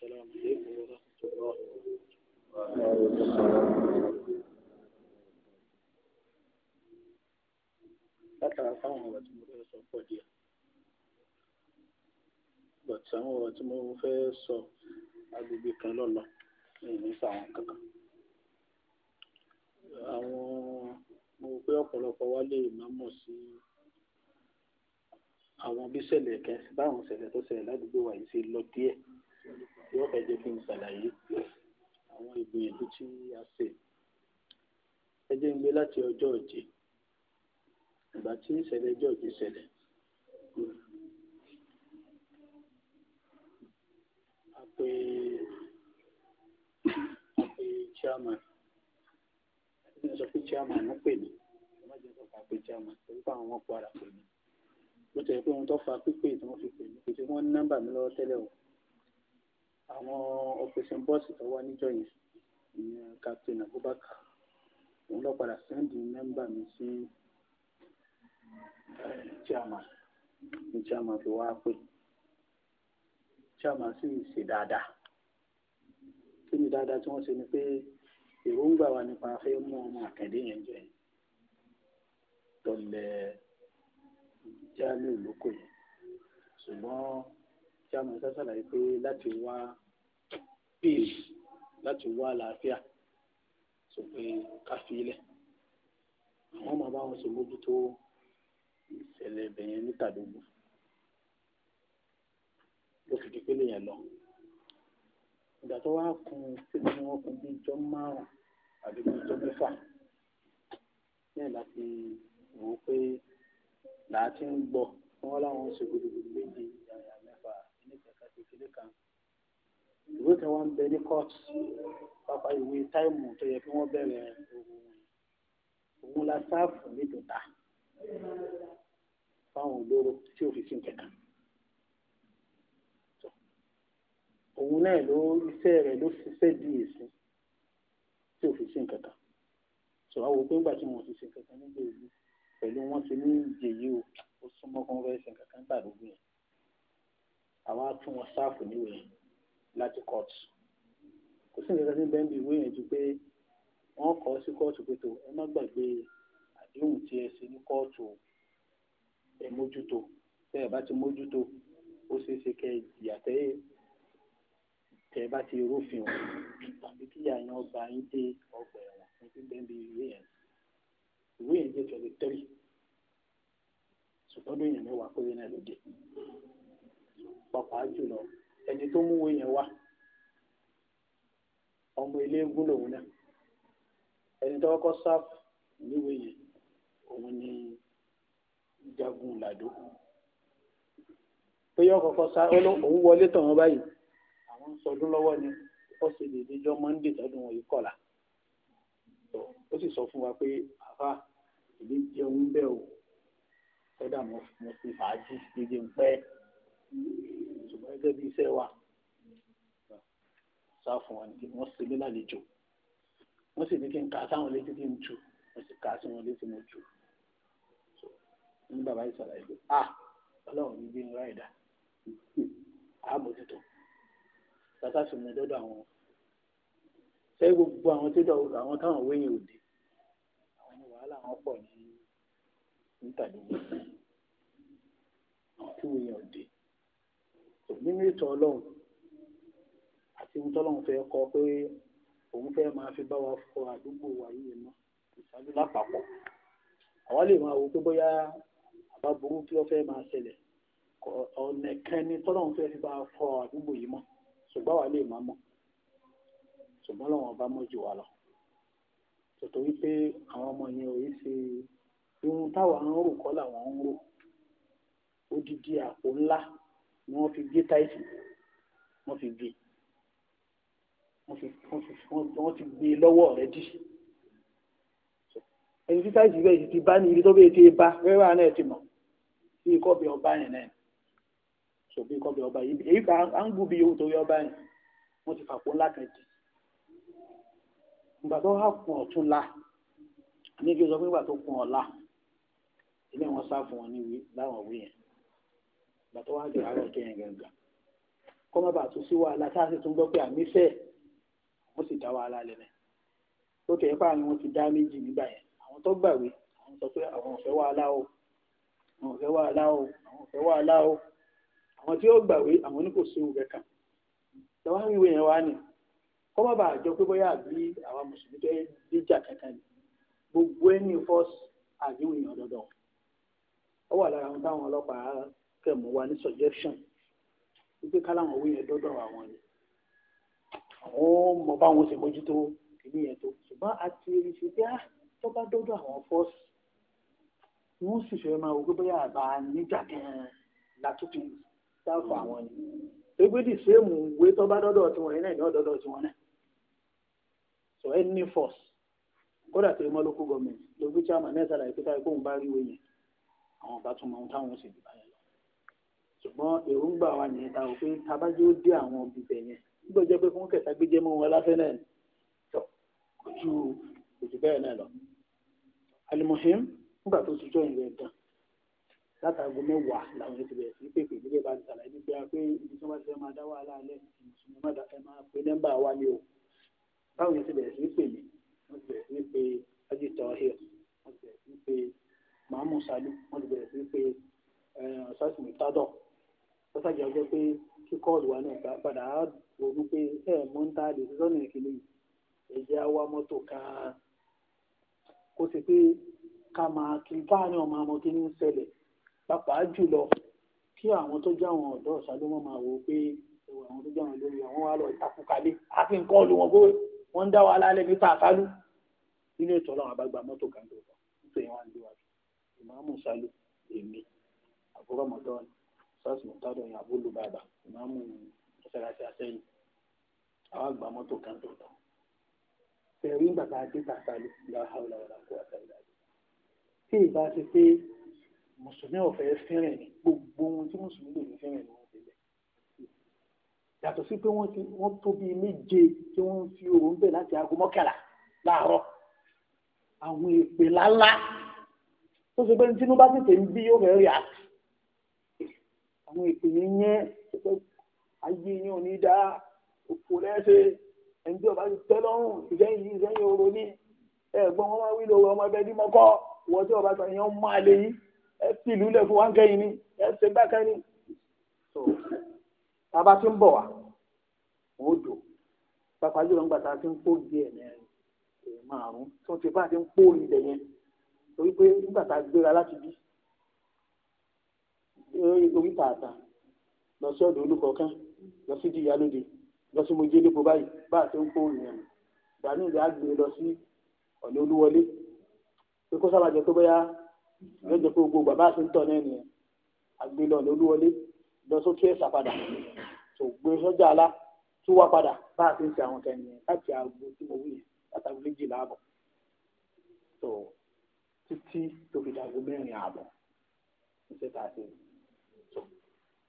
السلام عليكم ورحمة الله وبركاته látara fáwọn ọ̀rọ̀ tí mo fẹ́ sọ pọ̀ díẹ̀ but àwọn ọ̀rọ̀ tí mo fẹ́ sọ agbègbè kan lọ́la lẹ́yìn nípa àwọn kankan àwọn mo rò pé ọ̀pọ̀lọpọ̀ wa lè má mọ̀ sí àwọn bí ṣẹlẹ̀ báwọn ṣẹlẹ̀ tó ṣẹlẹ̀ ládùúgbò wa yìí ṣe lọ díẹ̀ yóò fẹ́ jẹ́ kí n ṣàlàyé àwọn ìgbìyànjú tí a ṣe ẹ jẹ́ ń gbé láti ọjọ́ ọ̀jẹ̀ ìgbà tí ìṣẹ̀lẹ̀ ọjọ́ ọ̀jẹ̀ ṣẹlẹ̀ a pè a pè chairman ẹni sọ pé chairman ló pè mí ọmọ ìjọba sọ pé a pè chairman torí pé àwọn ọmọ padà pè mí bó tẹ̀ pé ohun tó fa pípé tí wọ́n fi pè mí pé tí wọ́n ní nọ́mbà mi lọ́wọ́ tẹ́lẹ̀ o àwọn operation bọ́ọ̀sì tó wá níjọ yẹn ìyẹn captain abubakar òun lọ padà sẹ́ndì mẹ́mbà mi sí eh, chairman ní chairman fi wá pé chairman sì ṣe dáadáa kí ni dáadáa tí wọ́n ṣe ni pé èròǹgbà wa nípa fẹ́ mú ọmọ àkàndé yẹn jẹ tọ́lẹ̀ jálè lóko yẹn ṣùgbọ́n tí a mọ̀ ṣe ṣàlàyé pé láti wá peace láti wá àlàáfíà sọ pé ká fi ilẹ̀ àwọn ọmọ bá wọn ṣe mójútó ìṣẹ̀lẹ̀ ibẹ̀ yẹn ní tàdógún ló fi di pélé yẹn lọ ìgbà tó wá kun síbi ni wọ́n kun bí ijọ́ márùn-ún àbí bí ijọ́ mẹ́fà ní ìlà ti wò ó pé làá ti ń gbọ́ wọn láwọn ṣe gbogbo méjì ìdílé kan ìwé kan wá ń bẹ ní court pápá ìwé táìmù tó yẹ kí wọ́n bẹ̀rẹ̀ òun òun la sáàfù nídòta fáwọn olóró tí ò fi sí nǹkan kan òun náà ló iṣẹ́ rẹ̀ ló ṣiṣẹ́ di èsì tí ò fi sí nǹkan sọ wá wo pé tí wọn ti ṣe nǹkan kan èyí pẹ̀lú wọn ti ní ìjèyí o ó súnmọ́ kó ń ṣe nǹkan kan yẹn àwọn á fún wọn sáàfù níwèé láti kóòtù kò sí nǹkan tí bẹ́ẹ̀ ń bí ìwé yẹn ju pé wọ́n kọ́ sí kóòtù pé tó ẹ má gbàgbé àdéhùn tí ẹ ṣe ní kóòtù ẹ mójútó tẹ́ ẹ bá ti mójútó ó ṣeé ṣe kẹ́ ẹ jìyà tẹ́ ẹ tẹ́ ẹ bá ti rófin wọn tàbí kí àyàn ọba yín dé ọgbà ẹ̀wọ̀n ní gbígbẹ́ ń bí ìwé yẹn ìwé yẹn jẹ́ twenty three ṣùgbọ́n lóyìn mẹ́wàá péré náà ló dé pàápàá jùlọ ẹni tó mú yẹn wá ọmọ eléégún lòun náà ẹni tó kọ́kọ́ sáfù níwèé yẹn òun ni jagun làdó bóyá ọkọ̀ọ̀kan sá òun wọlé tàn wọ́n báyìí àwọn ń sọdún lọ́wọ́ ni ó sì lè díjọ́ monday tọdún wọn yìí kọ̀la ó sì sọ fún wa pé àbá ìdí jẹun bẹ́ẹ̀ o kódà mo fi fàájì dídí ń pẹ́ ṣùgbọ́n gẹ́gẹ́ bí iṣẹ́ wa sá fún wa nìkan wọ́n ṣe mí lálejò wọ́n sì ní kí n kà sáwọn létí kí n tu wọ́n sì kà sí wọn létí mo tu ní bàbá yìí sọ̀rọ̀ ah, ẹ̀gbẹ́ a ọlọ́run ní bí n ra ẹ̀dá a tata sì mú dọ́dọ̀ àwọn ṣé gbogbo àwọn tí dọ̀wọ́ àwọn táwọn wéyìn òde àwọn ní wàhálà wọn pọ̀ ní nítàdínlógún àwọn tí wéyìn òde nínú ètò ọlọ́run àti ohun tọ́lọ́run fẹ́ kọ pé òun fẹ́ máa fi bá wa fọ àdúgbò wa yìí mọ́ ìṣáájú lápapọ̀ àwa lè máa wo pé bóyá àbá burú kí wọ́n fẹ́ máa ṣẹlẹ̀ ọ̀nà kan ni tọ́lọ́run fẹ́ fi bá wa fọ àdúgbò yìí mọ́ ṣùgbọ́n àwa lè máa mọ̀ ṣùgbọ́n lọ́wọ́n ọba mọ̀ jù wá lọ tòtòrí pé àwọn ọmọ yẹn ò yí ṣe irun táwa ń rò kọ́ làwọn ń rò odidi àpò ńlá ni wọ́n fi gé táìsì wọ́n fi gé wọ́n ti gbé lọ́wọ́ rẹ dì ẹni tí táìsì bẹ́ẹ̀ ti bá ní ibi tó bẹ́ẹ̀ ti bá rẹ́wà náà ti mọ̀ bí ikọ́ bí ọba yẹn náà so bí ikọ́ bí ọba yẹn èyí kan à ń gbó bí yòówù torí ọba yẹn wọ́n ti fàpọ̀ ńlá kan dì ìgbà tó hà kùn ọ̀tún la ní kí n sọ fún ìgbà tó kùn ọ̀la ilé wọn sá fún wọn ní láwọn òwe yẹn ìgbà tó wá jọ àárọ̀ kẹyìn gangan kọ́ má bàa tún sí wàhálà tá a sì tún gbọ́ pé àmì fẹ́ wọ́n sì dá wàhálà lẹ́lẹ̀ tó tẹ̀ ẹ́pà ni wọ́n ti dá méjì nígbà yẹn àwọn tó gbàwé àwọn sọ pé àwọn ò fẹ́ wàhálà o àwọn ò fẹ́ wàhálà o àwọn ò fẹ́ wàhálà o àwọn tí ó gbàwé àwọn ní kò sí òun kẹkàn lọ́wọ́ wíwé yẹn wá ní kọ́ má bàa jọ pé bóyá àbí àwa mùsùlùmí fẹ́ díjà kankan ni gbogbo ẹni fọ́ọ̀sì àdéhùn èèyàn dọ́dọ̀ ọ wà lára àwọn táwọn ọlọ́pàá kẹmọ wa ní suggestion wípé káláwọn owó yẹn dọdọ àwọn ni àwọn mọ báwọn ṣe mójútó kìíní yẹn tó ṣùgbọ́n àti ìṣe bí a ah, tó bá dọdọ àwọn fọọsì wọn sì fẹẹ máa wò pé bóyá àbá níjà gan-an látúntún dáàbò àwọn ni egbèdì sèmù wé tó bá dọdọ tiwọn yẹn náà ní ọdọdọ tiwọn náà so any force kódà tó yẹ mọ lókù gọọmenti lókù chairman náà ṣàlàyé pé táyé kóun bá rí wẹ̀yẹn àwọn ọba tún mọ ohun táwọn ṣe jù báyẹn ṣùgbọ́n èròǹgbà wa nìyẹn ta ò pé tabájú ó dé àwọn ibibẹ̀ yẹn nígbà jẹ́ pé fún kẹta gbé jẹ́ mọ́ wọn láfẹ́ náà ni tọ́ ojú ojú bẹ́ẹ̀ náà lọ. alimohim nígbà tó ti jọ ìrẹ̀ gan látàgò mẹ́wàá làwọn ti bẹ̀rẹ̀ sí pèpè nílé bá ti sàlàyé nígbà pé ibi tí wọ́n ti máa dá wàhálà alẹ́ ìmùsùn máa dá ẹ máa pe nẹ́mbà wa ni o báwọn yẹn ti sí pè mí wọ́n ti bẹ̀rẹ̀ sí pé ajé tọ́hìr wọ́n ti bẹ̀rẹ̀ sí pé màmú salu wọ́n ti bẹ̀rẹ̀ sí pé ọ̀sásìmù eh, tádọ̀ ó ṣàjẹ́ ọjọ́ pé kí kọ́ọ̀lù wa náà padà á wọ́n pé ẹ̀ mọ́ ń ta lè ṣe sọ́nà ìkíní ẹ̀jẹ̀ àwa mọ́tò kan kó sì pé ká máa kí káàárín ọmọ ọmọ kí ní ń ṣẹlẹ̀ pàápàá jùlọ kí àwọn tó jẹ́ àwọn ọ̀dọ́ ọ̀ṣàlómọ́ máa wò ó pé ẹ̀wọ̀ àwọn tó jẹ́ àwọn olórí àwọn wà lọ ìtakùn kalẹ̀ àfi ń kọ́ọ̀lù wọn pé wọ́n ń dá wa lálẹ́ níta àkálù nínú ètò ọlọ́run àbágbà mọ́tò kan nítorí wọn ń wa ìmáàmù sálù èmi àbúrò mọ́tò ọ̀nà sars mọ̀tàdọ̀ yẹn àbúlù bàbà ìmáàmù mọ́sálásí àsẹ́yìn àwọn àgbà mọ́tò kan tó tán fẹ̀rí ń bàbá adé bàbá ló fi láhà ọ̀làwọ̀là kó àtàlà rẹ̀ tí ìbá ti pé mùsùlùmí ọ̀fẹ́ fẹ́rẹ̀ ní gbogbo ohun tí mùsùlùmí lò ní fẹ́rẹ̀ ní wọ́n ti lẹ̀ yàtọ̀ sí pé wọ́n tó bíi méje tí wọ́n fi òun bẹ̀ láti aago mọ́kànlá láàárọ̀ àwọn èpè lálá tó ṣe pé tinú bá tètè ń bí yóò fẹ́ rí àti àwọn ètò yẹn yẹn pé ayé yẹn ò ní dá òfò lẹ́sẹ̀ ẹ̀ǹdí ọba ti tẹ́ lọ́rùn ìsẹ́yìn yìí ìsẹ́yìn òru ní ẹ̀gbọ́n wọn máa wí lówó ọmọ ẹgbẹ́ bí mọ́kọ́ wọ́n tí ọba sọ̀rọ̀ yẹn ń máa lè yí ẹ fi ìlú fún wa kẹ́yìn ni ẹ ṣe gbá kẹ́yìn tàbá ti ń bọ̀ wá òun dò pàpà jùlọ ńgbà tá a ti ń kó díẹ̀ mẹ́rin èèyàn márùn-ún tí wọ́n ti bá ti ń kó ilẹ̀ yẹn torí pé nígbà tá a gbéra láti bí oríta àta lọ sí ọ̀dọ̀ olùkọ̀ọ̀kan lọ sí di ìyálóde lọ sí mojé lépo báyìí bá a ti ń kó ìyẹn nù ìdáná ìdá gbé e lọ sí ọ̀nà olúwọlé pé kó sábà jẹ pé bóyá yóò jẹ pé gbogbo bàbá àti ń tọ̀ náà nìyẹn àgbé lọ ọ̀nà olúwọlé lọ sókè ẹ̀sà padà tó gbé sọ́jà alá tó wá padà bá a ti ń ṣe àwọn kan nìyẹn láti aago tí mo wí yẹn látàgbé méjìlá àbọ̀ tó títí tó fi dàgbé mẹ́rin àbọ̀ iṣẹ́ tá a ṣe yìí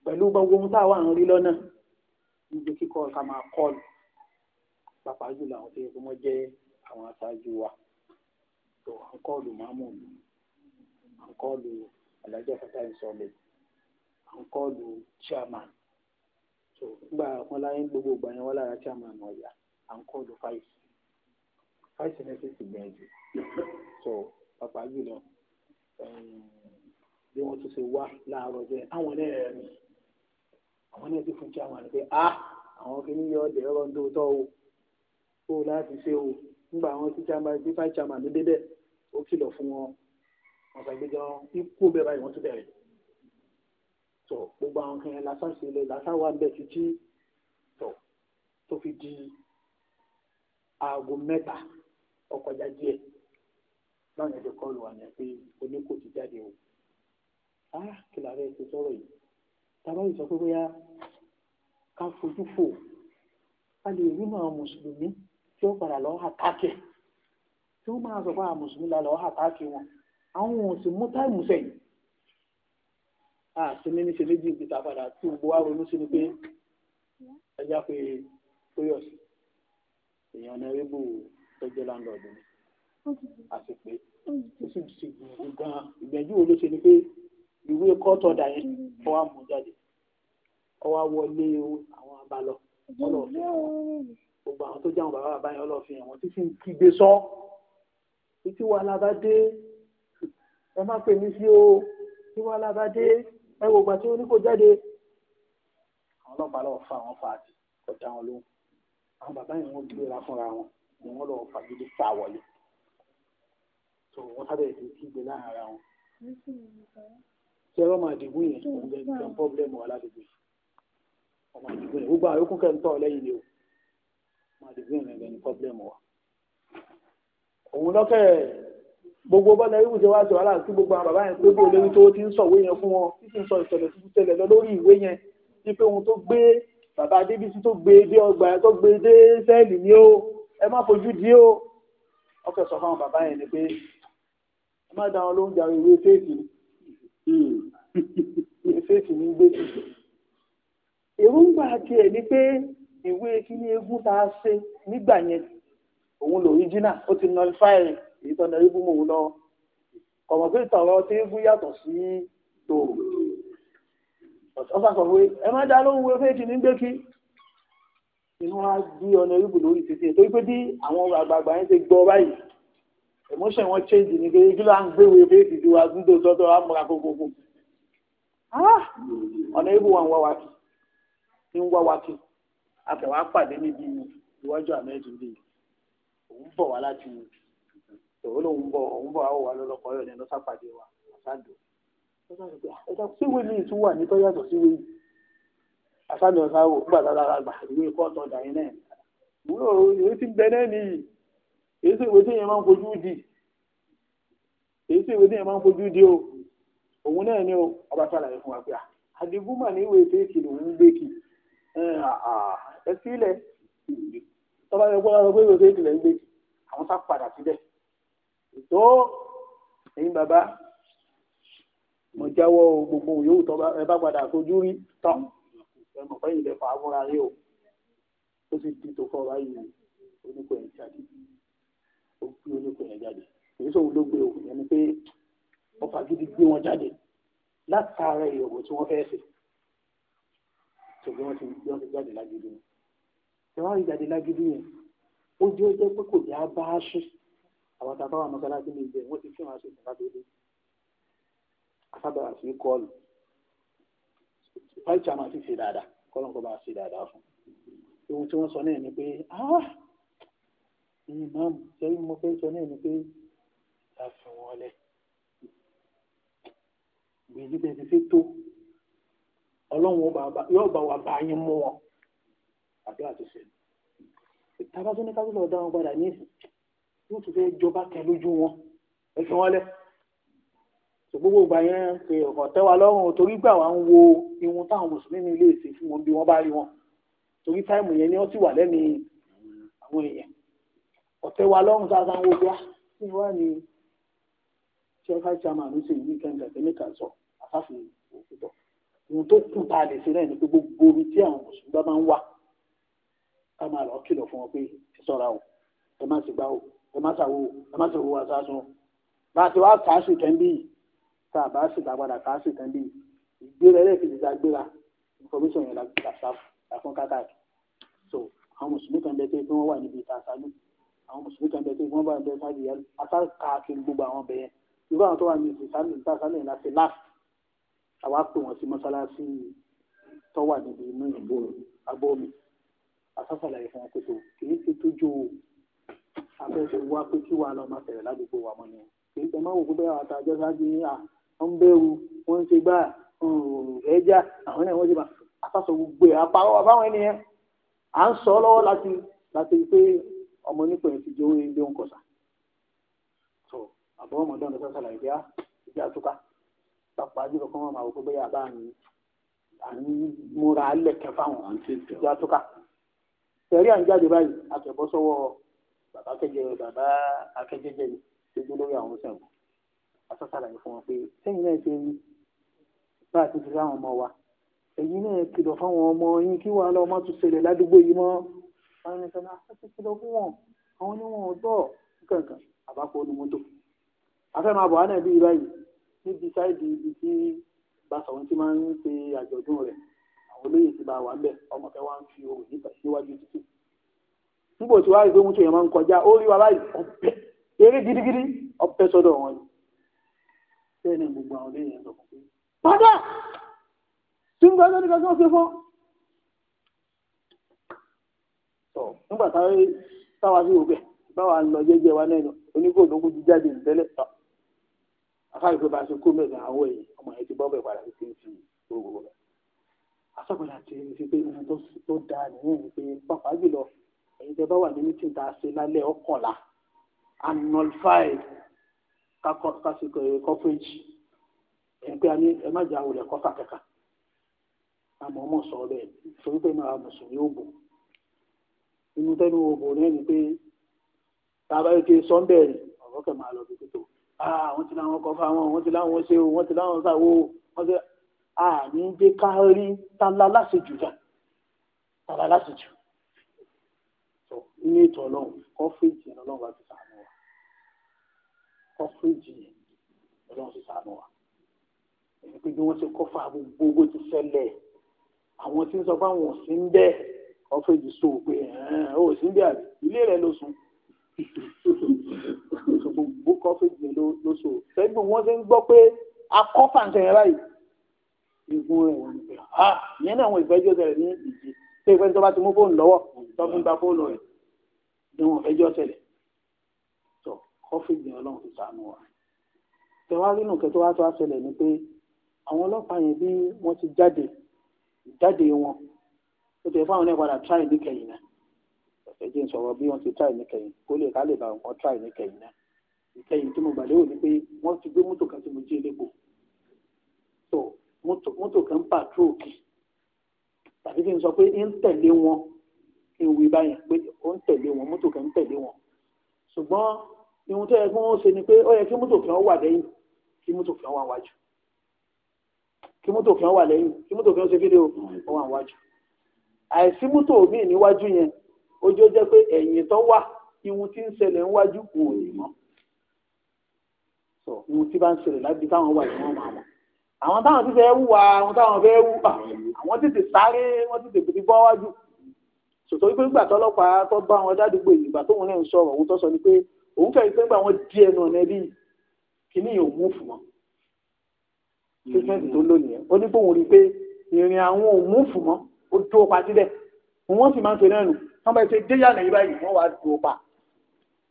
pẹ̀lú gbogbo ohun táwa ń rí lọ́nà níbi kíkọ́ ká máa kọ́ lù pàápàá jùlọ àwọn tó yẹ kó wọ́n jẹ́ àwọn aṣáájú wa tó à ń kọ́ lù à ń kọ́ alájọ fata ìsọ̀lẹ̀ à ń kọ́ chairman tó gbà wọn láyé gbogbo ìgbà yẹn wọn lára chairman ọ̀yà à ń kọ́ fáìsì fáìsì náà sì ti gbìyànjú tó pàápàá jùlọ bí wọ́n tún ṣe wá láàárọ̀ jẹ́ àwọn ẹlẹ́rìí àwọn náà ti fún chairman pé a àwọn kìíní yọ ọdẹ ọ̀rọ̀ ń dóòótọ́ o ó láti ṣe o nígbà àwọn tí chairman tí five chairman ló débẹ̀ ó kìlọ̀ fún wọn wọn fẹ́ gbẹjọ ikú bẹ́ẹ̀ báyìí wọ́n tún bẹ̀rẹ̀ tọ gbogbo àwọn kan yẹn lásán ṣe lọ lásán wà bẹ́ẹ̀ ti tọ tó fi di aago mẹ́ta ọkọjá díẹ̀ báwọn ẹ̀jẹ̀ kọ́ lù wà ní ẹ pé oníkò ti jáde o ah kí làárẹ̀ ti sọ̀rọ̀ yìí tàbá yìí sọ pé bóyá ká fojú fò ká lè rí mọ àwọn mùsùlùmí tí ó padà lọ́ọ́ àtàkì tí ó máa sọ pé àwọn mùsùlùmí la lọ́ọ́ àtàkì wọn àwọn ò sì mú táìmù sẹ́yìn àti ní níṣẹ́ méjì ìgbìta padà tí gbogbo wa ronú sí ni pé ẹja pé kóyọ̀sì èèyàn náà rébù tọ́jú láńdọ̀dù ni àti pé ó sì ti gbìyànjú gan-an ìgbẹ́jú wo ló ṣe ni pé ìwé kọ́tọ̀ dà yẹn wọ́n á mú jáde ọwọ́ wọlé àwọn abalọ ọlọ́ọ̀fin gbogbo àwọn tó jẹ́ àwọn bàbá bàbá yẹn ọlọ́ọ̀fin àwọn tí sì ń kígbe sọ títí wàhálà bá dé ẹ má pè mí sí o tí wàhálà bá dé ẹ wò gbà tí ó ní kò jáde àwọn ọlọ́pàá lọ́wọ́ fa àwọn fàájì kọjá wọn lóhùn àwọn bàbá yẹn wọ́n gbéra fúnra wọn ni wọ́n lọ́wọ́ fagídí fà wọlé tó wọ́n sábẹ̀ sí kígbe láàárín ara wọn sẹ́rọ̀ máa dìgún yẹn ọ̀gbẹ́ pọ́blẹ́mù aládùúgbò yìí ọmọ àdìgún yẹn gbogbo àyókù kẹ́ńtọ́ lẹ́yìn ni o ọmọ àdìgún yẹn lẹ́yìn pọ́blẹ́mù wa. òun lọ́kẹ́ gbogbo bọ́lá ewu ṣe wá sí wàhálà sí gbogbo àwọn bàbá yẹn pé bó léwu tó ti ń sọ̀wé yẹn fún wọn títí ń sọ ìṣẹ̀lẹ̀ tuntun tẹ̀lẹ̀ lọ lórí ìwé yẹn ní pé ohun tó gbé bàbá Adébísí tó gbé dé ọgbà tó gbé dé sẹ́ẹ̀lì ni ó ẹ má fojú di ó ọkẹ́ sọ fáwọn bàbá yẹn ni pé ẹ má dá wọn lóúnjẹ àwọn ìwé fèèfì ṣéèkì hmm. ní gbé jù èròǹgbà tiẹ̀ ni pé ìwé kíní eégún tá a ṣe nígbà yẹn òun lò ríjìnà ó ti nọ fáìrì èyí tó nọ ibú mò ń lọ kọ̀mọ̀ pé tọ̀rọ̀ tí eégún yàtọ̀ sí tòrò ọ̀sán sàkọ̀wé ẹ má dá lóhùn wé fẹ́ẹ̀kì ní gbé kí inú wa bí ọ̀nà ibù lórí títí ẹ̀ torí pé bí àwọn àgbààgbà yẹn ti gbọ́ báyìí emotion wọn change ni pé kí ló à ń gbéwò pé dìde wa dúdò tọ́tọ́ wa múra gbogbogbò ọ̀nà ibù wa ń wá wa kí ń wá wa kí àtẹ̀wá pàdé níbi iwájú ahmed bíi òun bọ̀ wá láti òun lòun bọ̀ òun bọ̀ àwọn wà lọ́lọ́kọ̀ ọ̀yọ́ ni lọ́sà pàdé wa àsádò ẹ̀ka síwé mi tún wà ní tọ́yàtọ̀ síwé yìí àsádò ọ̀sáwò gbàdára àgbà ìwé kọ́ọ̀tọ̀ dàrín náà wúlò ìwé ti bẹ náà nìyí èyí sì ìwé tí èèyàn máa ń fojú di èyí sì ìwé tí èèyàn máa ń fojú di o òun náà ni o ọba ṣàlàyé fún wa pé ah, àdìgún mà ní ìwé fèèkì lòun ń gbé kì ẹ sílẹ̀ tọ́ba yẹ kó wá sọ pé ìwé fèèkì lẹ́ ń gbé kì àwọn sá padà síbẹ̀ tó ẹ̀yin bàbá mo jáwọ́ gbogbo yòówù tọ́ba ẹ bá padà fojú rí tán ẹ mọ̀ fẹ́yìn lẹ́fọ̀ àbúrò ayé o ó sì di tó kọ́ ọ báyìí oníkó ẹ̀ jáde ó gbé olóko yẹn jáde èyí sòun ló gbé o yẹn ni pé ọfà gidi gbé wọn jáde látara ìyọ̀wò tí wọ́n fẹ́ẹ́ ṣe ṣùgbọ́n wọ́n ti wọ́n ti jáde lágídí yẹn ṣùgbọ́n wọ́n jáde lágídí yẹn ó jẹ́ ó jẹ́ pé kò já bá a ṣe àwọn tàbá wà mọ́sálásí ní ibẹ̀ wọ́n ti fi hàn ṣètò lábẹ́lẹ́ asábàá sí kọ́ọ̀lù fáìtì àmà ti ṣe dáadáa kọ́ọ̀lù kọ́ bá ṣe dáadáa fún un ohun tí wọ́n sọ náà ni pé ah ìyí náà sẹ́yìn mo fẹ́ sọ náà ni pé láàfin wọn lẹ̀ gbèjì tẹ̀sí sí tó ọlọ́run yóò bá wa bá yín mú wọn àbí àtúnṣe tábà tó ní kájú lọ dá wọn padà ní yóò tún fẹ́ jọba kẹ lójú wọn ẹ̀sìn wọn lẹ̀ gbogbo ìgbà yẹn ṣe ọ̀kàn tẹ́wa lọ́rùn torí gbà wá ń wo irun táwọn mùsùlùmí ní ilé ìsìn fún wọn bí wọ́n bá rí wọn torí táìmù yẹn ni wọ́n ti wà lẹ́mìí àwọn èèyàn ọ̀tẹ̀ wa lọ́rùn sáfà ń wo bíá kí wá ní ṣẹ́fà chairman ló ṣe yìí kẹ́ńtà kẹ́míkà sọ àfáfin òkútọ̀ ohun tó kù tá a lè ṣe náà ni pé gbogbo omi tí àwọn mùsùlùmí bá ń wà ká máa lọ kìlọ̀ fún wọn pé ẹ ṣọ́ra o ẹ má sì gbá o ẹ má ṣàwo o ẹ má ṣàwo wa sásun o bá a ti wá kà á sì tán bíi tá a bá sì ta kà á sì tán bíi ìgbéra ẹlẹ́ẹ̀kejì tá gbéra information yẹn la fún kákàkiri so àwọn mùsùlùmí kan bẹ́ẹ̀ pé wọ́n wà níbi ìta ṣáájú àwọn mùsùlùmí kan bẹ tó wọn bá bẹ sáàdì yẹn asáré káàkiri gbogbo àwọn bẹ yẹn irú àwọn tó wà ní ìsìn sáàmì níta sáàmì ńlá sí láàf àwa pè wọn sí mọ́sálásí tó wà níbi inú ìbò agbó mi asásàlà ìfọ̀n kòtò kì í ti tójú o afẹ́fẹ́ wá pé kí wàá lọ máa tẹ̀lé ládùúgbò wa mọ́ nìyẹn kì í tẹ máa wò pé àwọn àtàjọ sáájú ní à wọ́n ń bẹ̀rù wọ́n ń ṣe gbà ẹja àwọn náà wọ́n ti bá asásọ gbogbo ẹ̀ apá wọn àbáwọn ènìyàn à ń sọ lọ́wọ́ láti láti pé ọmọ onípò ẹ̀ ti jowó ilé ń kọ̀sà tó àbọ̀ ọmọdé ọ̀nà sọ́sọ́ làyè bíá ìjà túká pàpà jùlọ kọ́ wọn máa wò pé bóyá àbá mi à ń múra lẹ̀kẹ́ fáwọn ìjà túká tẹ̀rí à ń jáde báyìí àtẹ̀bọ́ sọ́wọ́ bàbá kẹjẹ bàbá akẹjẹjẹ ni ṣojú lórí àwọn sẹ́wọ̀n asọ́sàlàyé fún wọn pé sẹ́yìn náà ṣe rí bá a ti fi ọmọ wa ẹ̀yin náà kìlọ̀ fáwọn ọmọ yín kí wàá lọ́ọ́ má tún ṣẹlẹ̀ ládùúgbò yìí mọ́ àwọn ẹni sọ́nà àti kìlọ̀ fún wọn àwọn ni wọn ò gbọ́ kankan àbápọ̀ onímọ́tò afẹ́ máa bọ̀ á náà bí báyìí níbi sáìdì ibi tí Basọ̀run ti máa ń ṣe àjọ̀dún rẹ̀ àwọn olóyè ti bá wà bẹ́ẹ̀ ọmọ fẹ́ wá ń fi òwò nípa síwájú títì níbo tí wàá rí pé mútu yẹn máa ń kọjá ó rí wa báyìí ọ̀pẹ eré gidigidi ọ̀pẹ sọ́dọ̀ wọn ni bẹ́ẹ̀ ni gbogbo àwọn olóyè yẹn sọ fún pé padà tí ń gbọ́dọ̀ nígbà tí wọ́n ṣe fún tọ nígbà táwọn táwa sí òkè báwa ń lọ jẹ́jẹ́ wa náà oníkó ló kú ti jáde ìtẹ́lẹ̀ tọ afáàrí pé bá a ṣe kó mẹ́ta àwọn èyí ọmọ yẹn ti bọ́ bẹ̀ padà sí ti ń fi gbogbo rẹ̀ asọ́gbọ̀nà ti rí i pé ohun tó dáa nìyẹn ni pé pàápàá jùlọ ẹ̀yin tẹ́ bá wà ní mítìn tá a ṣe lálẹ́ ọkànlá anulfied kásìkò coverage ẹ̀ pé a ní ẹ má jẹ́ àwòrán kọ́fà kẹ́kà àmọ́ ọmọ sọ bẹ́ẹ̀ torí pé máa mùsùlùmí ó bùn inú tẹnu òbò náà ni pé tàbá ike sọ́ńbẹ̀rì ọ̀rọ̀ kẹ̀ máa lọ bíbí tó àwọn ti láwọn kọfà wọn wọn ti láwọn ṣe o wọn ti láwọn ṣàwo wọn ti àní dé ká rí tálá láṣejù dà tálá láṣejù tó inú ètò ọlọ́run kọ́ fíjì ọlọ́run bá ti sàánú wa kọ́ fíjì ọlọ́run ti sàánú wa èyí pé bí wọ́n ṣe kọ́fà gbogbo ti ṣẹlẹ̀ àwọn tí ń sọ fáwọn ò bẹ́ẹ̀ wọ́n fèjì sóò pé ó sì ń bí àbí ilé rẹ̀ ló sùn gbogbo kọ́ fèjì ló sòó sẹ́gbọ̀n wọ́n ti ń gbọ́ pé akọ́ fàǹtẹ̀ yẹn báyìí igun rẹ̀ wọ́n ti pè á ìyẹn náà àwọn ìfẹ́jọ́ tẹ̀lé ní ìdí pé ìfẹ́ni tó bá ti mú fóònù lọ́wọ́ tó fún gba fóònù rẹ̀ ni wọ́n fẹ́jọ́ tẹ̀lé tó kọ́ fèjì ọlọ́run ti sànù wa tẹ̀wárí nù kẹ́tọ́ wá tó wá ṣẹlẹ̀ ni pé àwọn ọlọ́pàá yẹn bí wọ́n ti jáde jáde wọn ó ti fáwọn náà padà try níkẹyìn náà ọ̀sẹ̀ jẹ́ sọ̀rọ̀ bí wọ́n ti try níkẹyìn kó lè ká lè bá wọn try níkẹyìn náà ìkẹyìn tí mo gbà lérò ni pé wọ́n ti gbé mọ́tò kan tí mo jí elépo tó mọ́tò kan ń pàtró òkè tàbí kí n sọ pé ń tẹ̀lé wọn kí n wí báyẹn pé ó ń tẹ̀lé wọn mọ́tò kan ń tẹ̀lé wọn ṣùgbọ́n ihun tó yẹ kí wọ́n ṣe ni pé ó yẹ kí mọ́tò kan wà lẹ́yìn kí mọ́tò kan wà wájú kí mọ́tò kan wà lẹ́yìn kí mọ́tò kan ṣe kéde ó wà wájú àìsí mọ́tò míì níwájú yẹn ojú ó jẹ́ pé ẹ̀yìn tó wà ihun tí ń ṣẹlẹ̀ níwájú kò ní mọ́ sọ ihun tí bá ń ṣẹlẹ̀ láti táwọn wà ní wọ́n máa mọ̀ àwọn táwọn ti fẹ́ wù wá àwọn táwọn fẹ́ wù wá ah, àwọn tètè sáré wọ́n tètè gbèdé bọ́ wájú sòtò wípé nígbà tọ́lọ́pàá tó bá wọn dádùgbò ìgbà tóun náà ń sọ̀rọ̀ òun tó sọ ni pé òun fẹ́ pé nígbà wọn di ẹnu ọ̀nà ẹbí kìíní yóò mú fún wọn mm-hmm. treatment tó lónìí ó ní bóun rí i pé ìrìn àwọn ò mú fún wọn ó dúró pa síbẹ̀ wọ́n sì máa ń ṣe náà nù wọ́n bá ṣe déyànà yìí báyìí wọ́n wá dúró pa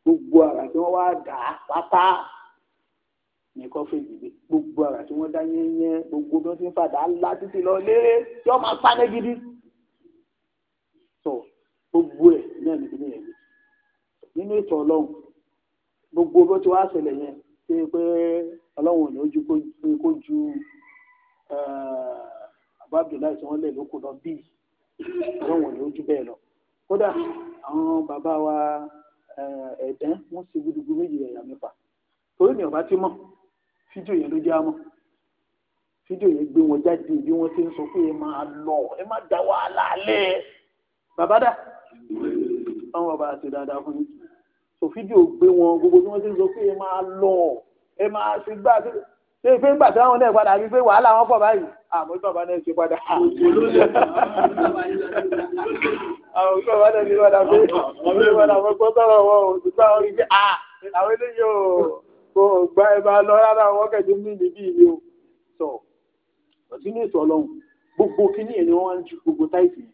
gbogbo ara tí wọ́n wá dà á pátá ní kọfí ìdìbò gbogbo ara tí wọ́n dá yẹnyẹn gbogbo bí wọ́n ti ń fàdà ńlá títí lọ léré tí wọ́n máa pa gidi sọ gbogbo ẹ̀ náà ní kíní yẹn nínú ètò ọlọ́run gbogbo bó ti wá ṣẹlẹ̀ yẹn ṣe pé ọlọ́run ò ní ojú kó ju àbá abdullahi tí wọ́n lẹ̀ ló kó lọ bíi lọ́wọ́n ni ó jù bẹ́ẹ̀ lọ kódà àwọn bàbá wa eh, ẹ̀dán wọ́n ṣe gudugudu méjì ẹ̀yà mẹ́fà torí ni ọba ti mọ̀ fídíò yẹn ló jẹ́ àmọ́ fídíò yẹn gbé wọn jáde bí wọ́n ti ń sọ pé ẹ máa lọ ẹ má da wàhálà lẹ̀ bàbá dà àwọn bàbá àti dáadáa fún yín so fídíò gbé wọn gbogbo bí wọ́n ti ń sọ pé ẹ máa lọ ẹ máa ṣe gbá àti ṣé ìpín gbà tí wọn náà padà rí pé wàhálà wọn pọ̀ báyìí àmọ́ tí bàbá náà ṣe padà. àwọn tí bàbá náà ṣe padà pé àwọn tí bàbá náà fọ́ sọ̀rọ̀ wọn ò sì gbà wọn rí pé à àwọn eléyìí ò kò gba ẹ̀bà lọ rárá wọn kẹ̀jú mí níbí ìlú o. sọ ọtí ní ìsọ Ọlọ́run gbogbo kíní ẹni wọn ń ju gbogbo táìsì yìí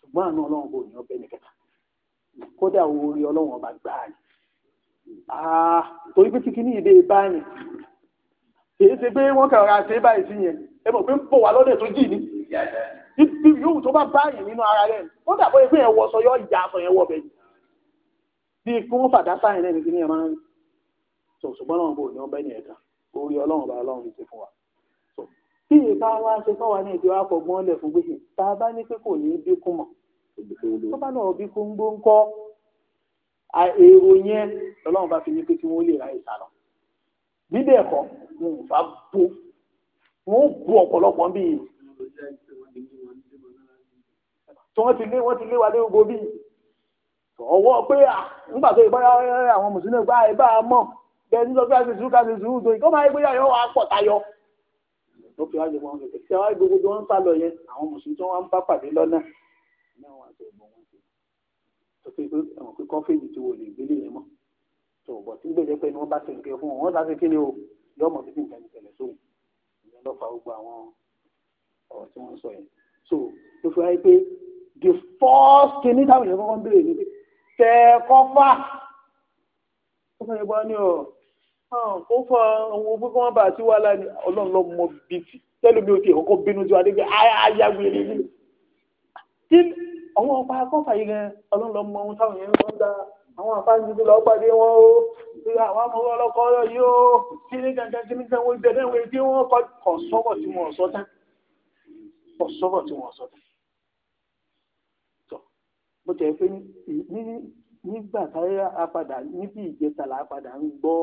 ṣùgbọ́n àná Ọlọ́run kò ní ọbẹ nìkẹta kódà orí Ọlọ́run ọba gbáà ni. torí pé kíkíní ìdè báyìí èyí ṣe pé wọ́n kàn ra ṣe báyìí sí yẹn ẹ mọ̀ pé ń bọ̀ wá lọ́dẹ̀ tó jì ní ibi yòówù tó bá báyìí nínú ara rẹ̀ ó dàbọ̀ ẹgbẹ́ yẹn wọ sọ yọ ìyá aṣọ yẹn wọ bẹ̀ yìí bí kí wọ́n fàdá sáyẹn náà nìkan yẹn máa ń sọ ṣùgbọ́n náà bò ní ọbẹ̀ yẹn kan orí ọlọ́run bá ọlọ́run fi ṣe fún wa. bí ìka wa ṣe fún wa ní ìdí wa kọ gbọ́n lẹ̀ fún gbèsè tá a bá ní pé kò ní bí kú mọ̀ tó bá náà bí kú ń gbó ń kọ́ èrò yẹn ọlọ́run bá fi ní pé kí wọ́n lè ra ìsàlọ̀ bí bẹ́ẹ̀ kọ́ wọn ò bá bó wọn ò bó ọ̀pọ̀lọpọ̀ bí i tí wọ́n ti lé wọ́n ti lé wa lé gbogbo bí i ọwọ́ pé nígbà tó ìbára àwọn mùsùlùmí gba ìbá mọ̀ bẹ́ẹ̀ ní sọ pé àti sùúrù káṣí sùúrù tó ìkọ́ máa ń gbéyàwó wa pọ̀ tayọ. ó fi wá jẹ̀bọ̀ wọn kẹ̀kẹ́ tí àwọn gbogbo tó ń sá lọ yẹn àwọn mùsùlùmí tó wọ́n ń bá pàdé lọ́nà náà wà tó ìbọn wọn sí. tó fi pé àwọn pé kọ́fíìnì ti wò lè gbélé yẹn mọ́. tó bọ̀ tí gbèjẹ́ ni wọ́n bá ti ń kẹ́ fún wọn wọ́n yọmọ bíbí nǹkan ìṣẹ̀lẹ̀ sóhun ìyẹn ló fa gbogbo àwọn ọ̀rọ̀ tí wọ́n sọ yẹn so ló fi wáyé pé the first kìíní táwọn èèyàn kọ́kọ́ ń béèrè ni pé tẹ kọ́fà ó fẹ́ gbọ́ ní ọ ó fọ ohun ogun kí wọ́n bá àti wàhálà ni ọlọ́run lọ mọ bíi ti tẹ́lẹ̀ mi ò tiẹ̀ kọ́kọ́ bínú tí wàá dé pé ayáwèrè yìí tí àwọn ọ̀pá kọ́fà yìí gan ọlọ́run lọ mọ ohun táwọn èèyàn ń dá àwọn àfáàjúdú lọ pàdé wọn ó àwọn amọ̀wọ́ ọlọ́kọ́ ọ̀rọ̀ yìí ó kí ní gangan kí ní gangan wọ́n ibẹ̀ náà tí wọ́n kọ́ sọ́bọ̀ tí wọ́n sọ tán kọ́ sọ́bọ̀ tí wọ́n sọ tán. tọ́ tẹ̀ pé nígbà táyé apadà níbi ìjẹta apadà ń gbọ́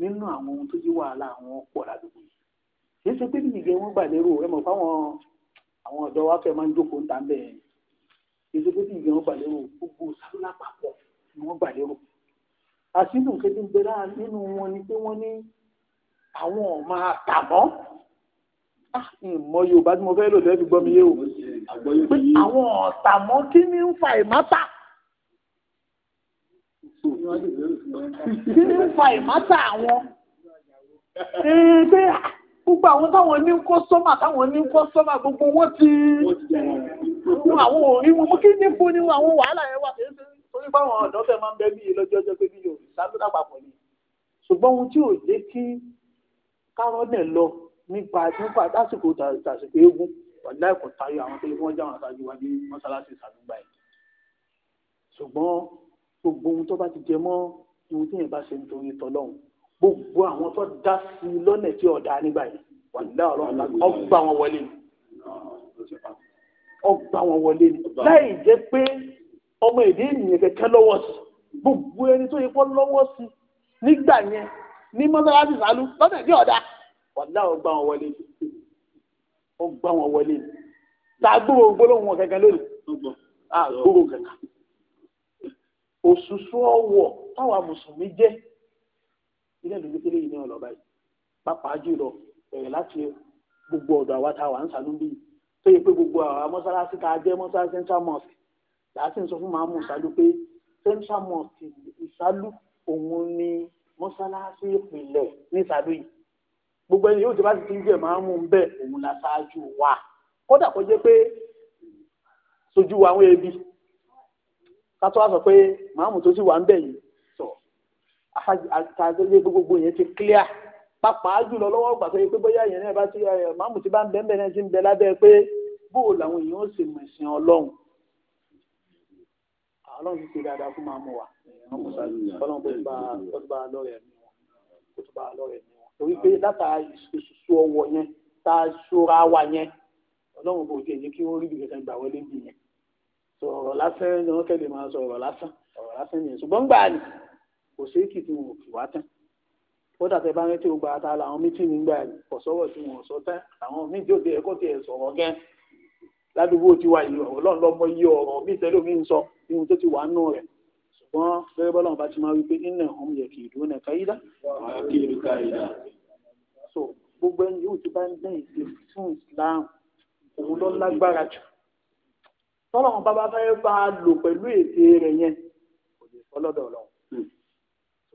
nínú àwọn ohun tó jí wàhálà àwọn pọ̀ ládùúgbò yìí kì í ṣe pé nìyẹn wọ́n gbà lérò ẹ mọ̀ fáwọn àwọn ọ̀dọ́ wa máa ń jókòó ń ta bẹ́ẹ̀ kì í ṣe pé nìyẹn wọ́n gbà lérò gbogbo sálúlà papọ̀ ni wọ́n gbà lérò àṣìlù kejì ń bẹ láàrin nínú wọn ni pé wọ́n ní àwọn ọmọ àtàmọ́ ah, ìmọ̀ Yorùbá tí mo fẹ́ lò lẹ́bi gbọ́ mi yé o pé àwọn ọ̀tàmọ́ kí ni ń fa ìmọ́ta kí ni ń fa ìmọ́ta àwọn pé gbogbo àwọn táwọn ní kọ́sọ́mà táwọn ní kọ́sọ́mà gbogbo wọn ti àwọn òrí wọn kí ni fún ni àwọn wàhálà yẹn wà torí báwọn ọ̀dọ́ fẹ́ máa ń bẹ bí iye lọ́jọ́ ọjọ́ pé bí yòó ìsádùn lápapọ̀ ni ṣùgbọ́n ohun tí ò jẹ́ kí káwọn dẹ̀ lọ nípa nípa lásìkò tàṣìkò eégún wàdí àìkú tayọ àwọn tó lè wọ́n jáwọn aṣáájú wa ní mọ́ṣáláṣí ìsàdúgbà yìí ṣùgbọ́n gbogbo ohun tó bá ti jẹ mọ́ ohun tí yẹn bá ṣe nítorí tọlọ́hun gbogbo àwọn tó dá sí i lọ́nà tí ọ̀dà nígbà yìí wàdí ọlọ́run ọgbà wọn wọlé ni ọgbà wọn wọlé ni láì jẹ́ pé ọmọ èdè ènìyàn kẹkẹ lọ́wọ́ sí gbogbo ẹni tó yẹ kó lọ́wọ́ sí nígbà yẹn ní mọ́sálásí sálú lọ́nà ìdí ọ̀dà wàlá ọgbà wọn wọlé ọgbà wọn wọlé tá a gbúrò gbólóhùn wọn kẹkẹ lónìí gbúrò kẹkẹ òṣùṣù ọwọ táwa mùsùlùmí jẹ ilé ìlú kékeré yìí ní ọlọba yìí pàápàá jùlọ bẹ̀rẹ̀ láti gbogbo ọ̀dọ̀ àwa táwa ń sàlú bíi tó yẹ pé gbogbo àwọn mọ́sálásí tá a jẹ́ mọ́sálásí central mosque láti sọ fún màmú ìsálú pé central mosque ìsálú òun ni mọ́sálásí ìpìlẹ̀ nísàlú yìí gbogbo ẹni yóò ti bá ti ti ń jẹ màmú bẹ́ẹ̀ òun la ṣáájú wa kódà kó jẹ́ pé sojú wa àwọn ẹbí ká tó wá sọ pé màmú tó sì wà ń bẹ̀ yìí sọ àtàgbélé gbogbo yẹn ti clear pàápàá jùlọ lọ́wọ́ gbà pé pé bóyá yẹn náà bá ti màmú ti bá ń bẹ́ẹ̀ bẹ́ẹ̀ náà ti ń bẹ lábẹ́ pé bóò làwọn èèyàn ó mọ̀ ẹ̀sìn ọlọ́run ọlọ́run ti dáadáa fún máa mú wa ọlọ́run kò tún bá kò tún bá lọ́rẹ̀ mi wọn kò tún bá lọ́rẹ̀ mi wọn torí pé látara ìṣòṣò ọwọ́ yẹn tá a ṣọ́ra wa yẹn ọlọ́run kò tiẹ̀ jẹ́ kí wọ́n rí ibi kankan gbà wọlé bì yẹn sọ ọ̀rọ̀ lásán ni wọ́n kẹ́lẹ́ máa sọ ọ̀rọ̀ lásán ọ̀rọ̀ lásán yẹn ṣùgbọ́n gbà ní kò sí kì tí wọn ò fi wá tán kódà tẹ bá rántí gbogbo àtàlà àwọn mítìnì gbà ní kò sọ̀rọ̀ tí wọn ò sọ tán àwọn míì tí ò tiẹ̀ kó tiẹ̀ sọ̀rọ̀ gan ládùúgbò tí wà yìí ọlọ́run lọ́mọ yí ọ̀rọ̀ bí ìtẹ́lẹ̀ mi ń sọ ihun tó ti wà nù rẹ̀ ṣùgbọ́n gẹ́gẹ́ bọ́lá bá ti máa wí iná ọ̀hún yẹ kì í dúró náà káyídá kì so gbogbo ẹni yóò ti bá ń dẹ́ ìṣe fún Islam òun ló lágbára jù tọ́lọ́run bá bá fẹ́ bá a lò pẹ̀lú ète rẹ̀ yẹn kò lè fọ́ lọ́dọ̀ ọlọ́run hmm.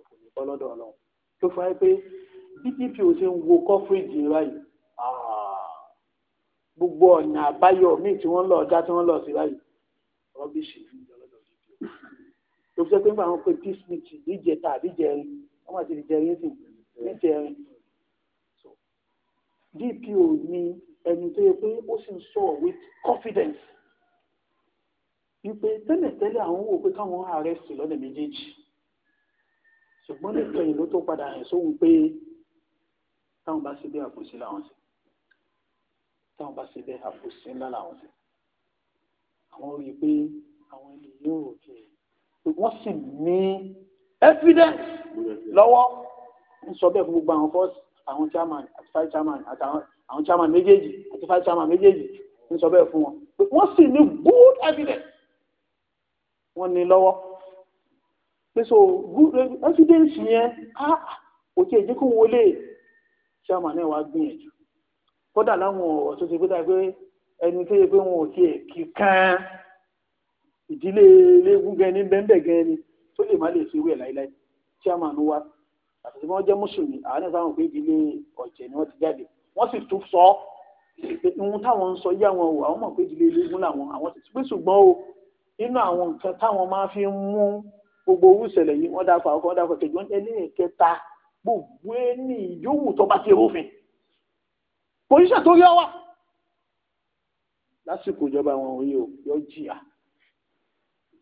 kò lè fọ́ lọ́dọ̀ ọlọ́run tó fà á pé DPP ò ṣe ń wo coverage báyìí gbogbo ọ̀nà àbáyọ míì tí wọ́n lọ dá tí wọ́n lọ sí báyìí rọ́bìṣì tó fi jẹ́ pé nígbà wọn pé peace meeting díje ta díjẹrin wọ́n máa ti díjẹrin sí díjẹrin DPO ni ẹni tó yẹ pé ó sì ń sọ̀rọ̀ with confidence wípé tẹ́lẹ̀tẹ́lẹ̀ àwọn wò pé káwọn àrẹ́sì lọ́nà méjèèjì ṣùgbọ́n nípa èyí ló tó padà hàn sóhun pé táwọn bá ṣe bí àkùnṣe làwọn ṣe táwọn bá ṣe bẹ́ẹ̀ àbòsí ńlá làwọn ṣe àwọn rí i pé àwọn ẹni yóò jẹ wọ́n sì ní evidence lọ́wọ́ ń sọ bẹ́ẹ̀ fún gbogbo àwọn fọ́ọ̀sì àwọn chairman àti five chairman àti àwọn chairman méjèèjì àti five chairman méjèèjì ń sọ bẹ́ẹ̀ fún wọn wọ́n sì ní good evidence wọ́n ní lọ́wọ́ pé so good evidence yẹn ah òkè ìdínkù wọlé chairman náà wá gbìyànjú kódà láwọn ọ̀rọ̀ tó ti gbé dá pé ẹni tó yẹ pé wọn ò tiẹ̀ kí kán ìdílé eléégún gan ni bẹ́ńbẹ́ gan ni tó lè má lè fi wẹ̀ láíláí tí a máa ń wá àti tí wọ́n jẹ́ mùsùlùmí àwọn náà sáwọn pé ìdílé ọ̀jẹ̀ ni wọ́n ti jáde wọ́n sì tún sọ ohun táwọn ń sọ yé àwọn o àwọn mọ̀ pé ìdílé eléégún làwọn àwọn ti pé ṣùgbọ́n o nínú àwọn nǹkan táwọn máa fi ń mú gbogbo owó ìṣẹ̀lẹ̀ yìí wọ́n dáa àwọn kan wọ́n dáa fún kejì wọ́n gbogbo ẹni ìyówù tó bá ti rúfin pòlíṣà tó yọ wà lásìkò ìjọba àwọn òye ò yọ jìyà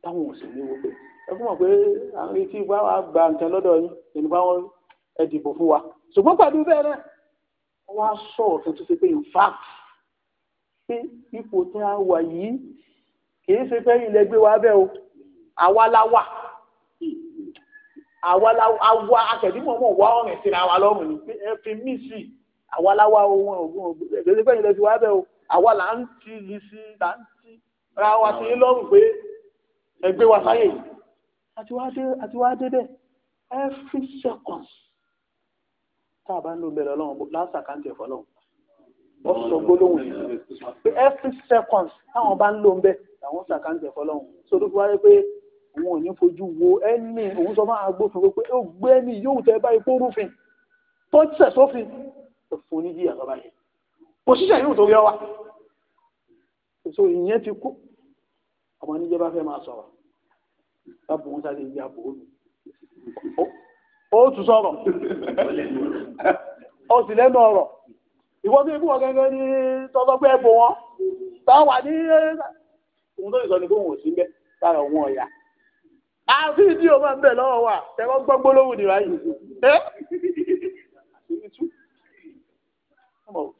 táwọn òsì ní wọ́pẹ́ ẹ fún wọn pé à ń retí bá wa gba nǹkan lọ́dọ̀ yín ẹni bá wọn ẹ dìbò fún wa ṣùgbọ́n pẹ̀lú bẹ́ẹ̀ náà wọ́n á sọ ọ̀tún tó ṣe pé in fact pé ipò tí a wà yìí kìí ṣe pé ilẹ̀ gbé wa bẹ́ẹ̀ o àwa la wà àwa la wà akẹ́dìmọ̀ mọ̀ wá ọ̀rìn síra wa lọ́rùn ni pé ẹ fi mí sí i àwa láwa ohun ògùn ògùn èdè pẹ̀yìn lẹ́sìn bẹ́ẹ̀ o àwa là ń ti yìí sí là ń ti ra wa sí lọ́rùn pé ẹgbẹ́ wa sáyè àti wá dé bẹ́ẹ̀ every second tá a bá ń lo bẹ̀rẹ̀ ọlọ́run lásàkáǹtì ẹ̀fọ́ lọ́run wọ́n sọ gbólóhùn yìí every second táwọn bá ń lò ń bẹ̀ làwọn sàkáǹtì ẹ̀fọ́ lọ́run sórí fún wa pé òun ò ní fojú wo ẹni òun sọ fún agbófinró pé ó gbé ẹni yóò tẹ báyìí kó rúfin tó tẹ̀ sófin fún ní jíyà lọ́ba yẹn kò síṣẹ́ yóò torí ọwá èso ìyẹn ti kú ọmọ níjọba fẹ́ máa sọ̀rọ̀ bábù wọn sáré ìyá bò ónù ó tún sọ̀rọ̀ ó sì lẹ́nu ọ̀rọ̀ ìwọ́n tó ikú wọn gẹ́gẹ́ ní tọ́lọ́gbẹ́ ẹ̀bùn wọn táwọn wà ní ohun tó ìsọ ni kó wọn ò sí bẹ́ẹ̀ lára òun ọ̀yà àfi ìdí òun máa ń bẹ̀ lọ́wọ́ wa tẹ́wọ́ gbọ́ gbólóhùn nìyà yìí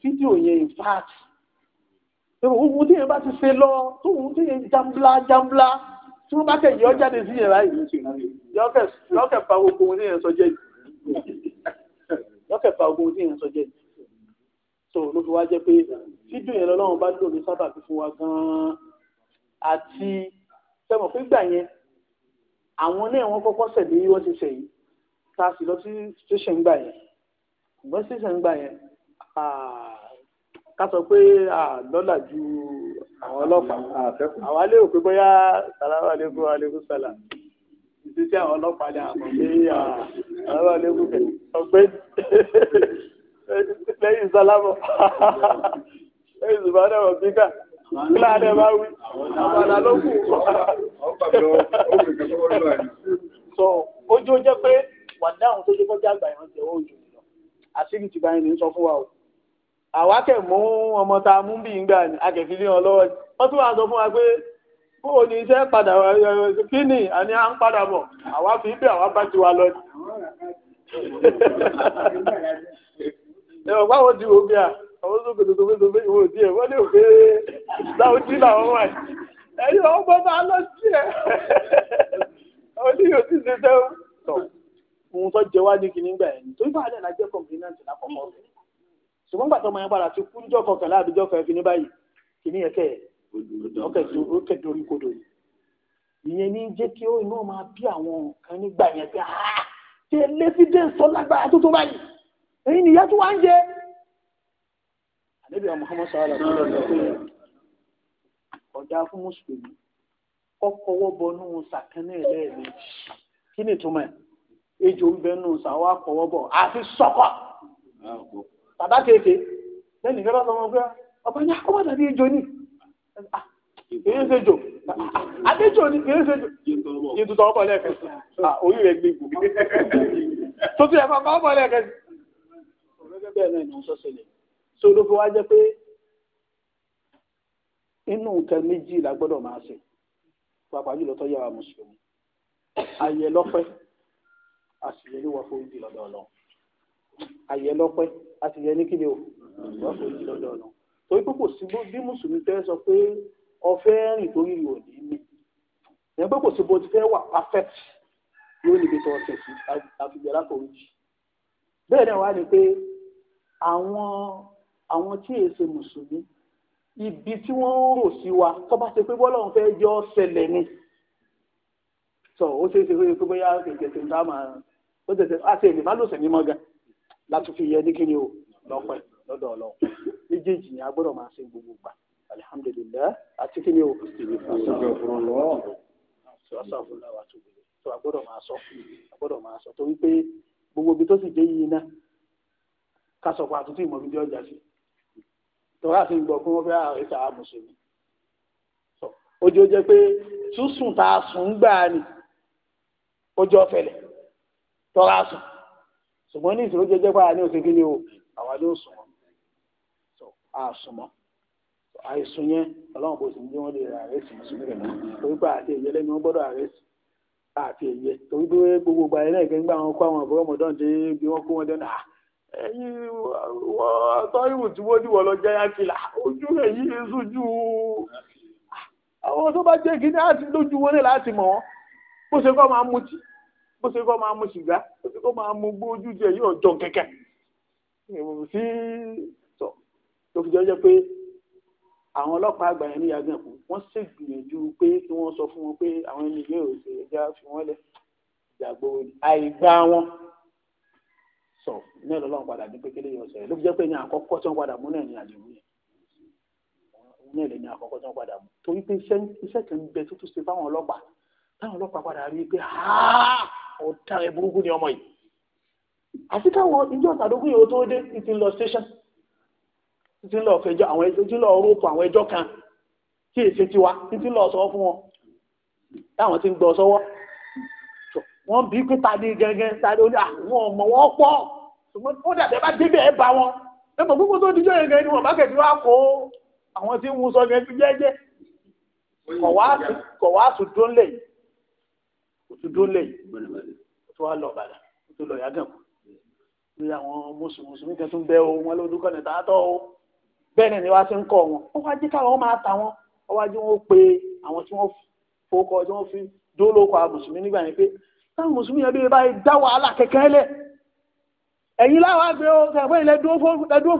fídíò yẹn in fact ohun tí yẹn bá ti ṣe lọ tóhun tí yẹn jambla jambla tí wọ́n bá kẹ̀ yọ jáde sí yẹn láyé yọkẹ̀ fa gbogbo ohun tí yẹn sọ jẹ́ yọkẹ̀ fa gbogbo ohun tí yẹn sọ jẹ́ so ló fi wá jẹ́ pé fídíò yẹn lọ́lọ́run bá lò ní sábà fífún wa gan-an àti sẹ́mọ̀ pé gbà yẹn àwọn náà wọ́n kọ́kọ́ sẹ̀ wọ́n ti sẹ̀ tá a sì lọ sí station gbà yẹn ṣùgbọ́n station gbà yẹn ká sọ pé lọ́là ju àwọn ọlọ́pàá àwọn alẹ́ òpin bóyá sàlámà lẹ́kùn alẹ́kùn sàlà ìṣesí àwọn ọlọ́pàá ni àmọ́ pé sàlámà lẹ́kùn ọ̀gbẹ́ni lẹ́yìn sálámọ̀ lẹ́yìn sùbádà wọ̀ bíkà kílá adé bá wí àbàdà ló kù. sọ ojú ó jẹ́ pé wàdáhùn tó jẹ́ kọjá àgbà ìrántí ọwọ́ òjò àṣírí tìgbà yẹn ní sọ fún wa o. àwa kẹ̀ mú ọmọ mú bí ngbà a kẹ̀ fi fún wa pé o ní iṣẹ́ padà kí ni àní à ń padà bọ̀ àwa fi bí wa lọ ni. ẹ̀rọ báwo ti wo bí a àwọn tó gbèdè tó tó wọ́n lè lọ sí ọ ní yóò ti ṣe sẹ́wọ́n. ohun tó jẹ wá ní ṣùgbọ́n gbàtọ́ ọmọ yẹn padà ti kú níjọ́ kọkànlá àbíjọ́ kan fi ní báyìí kìíní ẹ̀kẹ́ ọkẹ́ dorí kodò yìí ìyẹn ní jẹ́ kí ó iná máa bí àwọn kan nígbà yẹn pé ah, ṣe lẹ́fídẹ́ǹsì tó lágbára tó tó báyìí èyí nìyá tó wá ń jẹ. àdébíyà Muhammad sallá tó lọ sọ pé ọ̀dà fún mùsùlùmí kọ́kọ́ wọ́bọnú sàkánná ẹ̀lẹ́ẹ̀mejì kí ni ìtumọ̀ ẹ̀ ejò ń bẹnu sàwọ́ àkọ́wọ́bọ̀ àfi sọ́kọ̀ bàbá kéèké lẹ́nu ìfẹ́ bá sọ wọn pé ọba ní akọ́wọ́ dàbí ejò ni èyí ah, ṣe jò adéjò ah, ni èyí ṣe jò yìí tuntun ọkọ̀ lẹ́ẹ̀kẹ́sì ah, orí rẹ̀ gbé gbòmí tuntun ẹ̀fọ́ kọ́ ọkọ̀ lẹ́ẹ̀kẹ́sì. ọ̀rẹ́gẹ́ bẹ́ẹ̀ náà ni wọ́n sọ sílẹ̀ so ló fi wá jẹ́ pé inú nǹkan méjì la gbọ́dọ̀ máa ṣe pàápàá jùlọ tó yára mùsùlùmí ayẹ lọ́pẹ́ àṣìyẹ ló wà fún ìdí ọlọ́run àyẹ lọ́pẹ́ a sì yẹ ní kíni o wọ́n kò yí lọ́dọ̀ ọ̀nà torí pé kò sí bí mùsùlùmí fẹ́ sọ pé ọfẹ́ rìn torí rìn òní ni ìyẹn pé kò sí bó ti fẹ́ wà perfect yóò níbi tó ọ̀sẹ̀ sí àfihàn látòrí jì bẹ́ẹ̀ náà wá ní pé àwọn àwọn tí èyí ṣe mùsùlùmí ibi tí wọ́n ń rò sí wa tó bá ṣe pé bọ́lọ́run fẹ́ jọ ọ́ ṣẹlẹ̀ ni sọ ó ṣeé ṣe pé bóyá kẹ̀kẹ́ tó ń dá máa ó ṣe ṣe àti èlè má lòsàn ní mọ́gàn fi yẹ ní kíni o lọ́pẹ́ lọ́dọ̀ ọlọ́run méjèèjì ni a gbọ́dọ̀ máa ṣe gbogbo gbà alihamudulilayi àti kíni o tó sọ a máa sọ torí pé gbogbo ibi tó sì dé yìí ká sọ fún àtúntò ìmọ̀ bíbí ọjà sí tọ́lá gbọ́ fẹ́ ojú ó jẹ́ pé tá a sùn ń gbà ni tọ́lá sùn. ṣùgbọ́n ní ìṣòro jẹjẹ pàrọ̀ ní òṣèké ni o àwa ló sùn wọn so a sùn mọ́ àìsùn yẹn ọlọ́run bó sì ń jẹ́ wọ́n lè ra àrẹ́sì mùsùlùmí rẹ̀ mọ́ torí pé àti èyẹ lẹ́nu wọn gbọ́dọ̀ àrẹ́sì àti èyẹ torí pé gbogbo ìgbà yẹn náà gbẹ́ngbà wọn kó àwọn àbúrò mọ̀dán dé bí wọ́n kó wọn dẹ́nu à ah, ẹ̀yin ọ̀tọ́ ìwò tí wọ́n dìwọ̀ lọ jẹ́ yákìlá ojú ẹ̀yìn sojú ah, àwọn tó bá jẹ́ kíní àti lójú wọlé láti mọ̀ wọ́n bó ṣe kọ́ máa mutí ó ṣe kó máa mu sìgá ó ṣe kó máa mu gbó ojú jẹ yóò jọ kẹkẹ sí sọ tó fi jẹ́ pé àwọn ọlọ́pàá àgbà yẹn ní yàgàn kù wọ́n ṣègbìyànjú pé kí wọ́n sọ fún wọn pé àwọn ẹni yẹn ò ṣe ẹja fi wọ́n lẹ̀ ìjàgbó àìgbá wọn sọ ní ọlọ́run padà ní pékélé yẹn ọ̀sẹ̀ ló fi jẹ́ pé ní àkọ́kọ́ tí wọ́n padà mú náà ní àdéhùn yẹn òun náà lè ní àkọ́kọ́ tí wọ́n padà mú torí pé iṣẹ́ kan bẹ tó tún ṣe fáwọn ọlọ́pàá táwọn ọlọ́pàá padà rí i pé háà ọ̀daràn burúkú ni ọmọ yìí àti káwọn ìjọ ìtàdógún yìí ó tó dé ti lọ station ti lọ fẹjọ àwọn ẹjọ́ ti lọ rọpò àwọn ẹjọ́ kan tí èsì ti wá ti lọ sọ fún wọn táwọn ti ń gbọ́ sọ́wọ́ wọ́n bí pé tani gẹ́gẹ́ tani ó ní àwọn ah, ọmọ wọn pọ̀ ṣùgbọ́n ó dàbẹ́ bá débẹ̀ ẹ̀ bá wọn ẹ mọ̀ gbogbo tó dijọ́ yẹn gẹ́gẹ́ ni wọ́n bá kẹ̀kẹ́ wá kó àwọn tí ń wú sọ gẹ́gẹ́ jẹ́jẹ́ kọ̀ wá tún dún lẹ́yìn òtún dólẹ̀ yìí tó wá lọ bàdà tó lọ yá gàn ní àwọn mùsùlùmí kan tún bẹ́ o wọn lọ́dún kan nìta o bẹ́ẹ̀ náà ni wá sí ń kọ́ wọn wọ́n wá jẹ́ káwọn máa ta wọn wọ́n wá jẹ́ wọn pe àwọn tí wọ́n fowókọ tí wọ́n fi dóòlò kọ àwọn mùsùlùmí nígbà yẹn pé táwọn mùsùlùmí yẹn bíi báyìí dá wàhálà kẹ̀kẹ́ lẹ̀ ẹ̀yin láwọn àgbẹ̀ o sàgbẹ́ ilẹ̀ dúró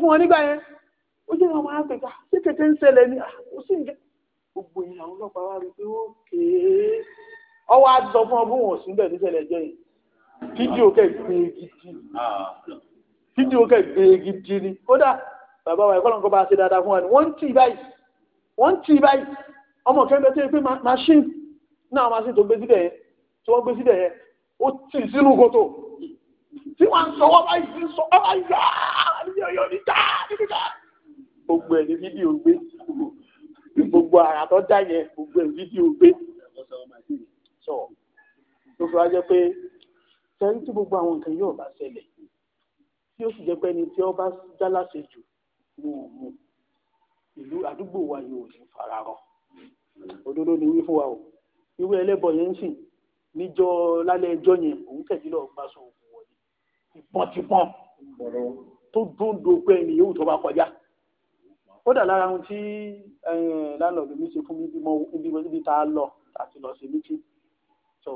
fún wọn nígbà yẹn ó jẹ́ àwọn àgbẹ̀ká sí kẹ̀kẹ́ ń ṣẹlẹ̀ ni ó sì ń jẹ́ gbogbo ìyàwó ọlọ́pàá wá rí pé ó kéé ọwọ́ àtúntò fún ọgbọ́n wọn sí bẹ́ẹ̀ níṣẹ̀lẹ̀ jẹ́ yìí fídíò kẹ́ gbé e gidi fídíò kẹ́ gbé e gidi ni kódà bàbá wa ẹ̀kọ́ lọ́nkọ́ bá ṣe dáadáa fún wa ni wọ́n ń tì báyìí wọ́n ń tì báyìí ọmọ kẹ́ńbẹ́ tó yẹ pé machine náà machine tó gbé síbẹ̀ yẹn tí wọ́n gbé síbẹ̀ yẹn ó tì sínú kòtò tí wọ́n ń sọ wọ́n báyìí sí sọ wọ́n báyìí ah, yá yóò ní ká níbi ká gbogbo ẹ̀ ní fídíò gbé gbogbo àrà tó dá yẹn gbogbo ẹ̀ fídíò gbé tó fi wá jẹ́ pé sẹ́yìn tí gbogbo àwọn nǹkan yóò bá ṣẹlẹ̀ tí ó sì jẹ́ pé ẹni tí ó bá jáláṣe jù wọn ò mú ìlú àdúgbò wa yóò ní fararọ òdodo ni wí fún wa o irú ẹlẹ́bọ yẹn ń sìn níjọ́ lálẹ́ ẹjọ́ yẹn òun tẹ̀sí lọ́ọ́ gba sọ òkú wọlé tìpọ́ntìpọ́n tó dóńdó pé ẹni yóò tó bá kọjá ó dà lára ohun tí eh, lánàá lómi ṣe fún mi bí mo ibi tá a lọ àti lọ sí mítì tó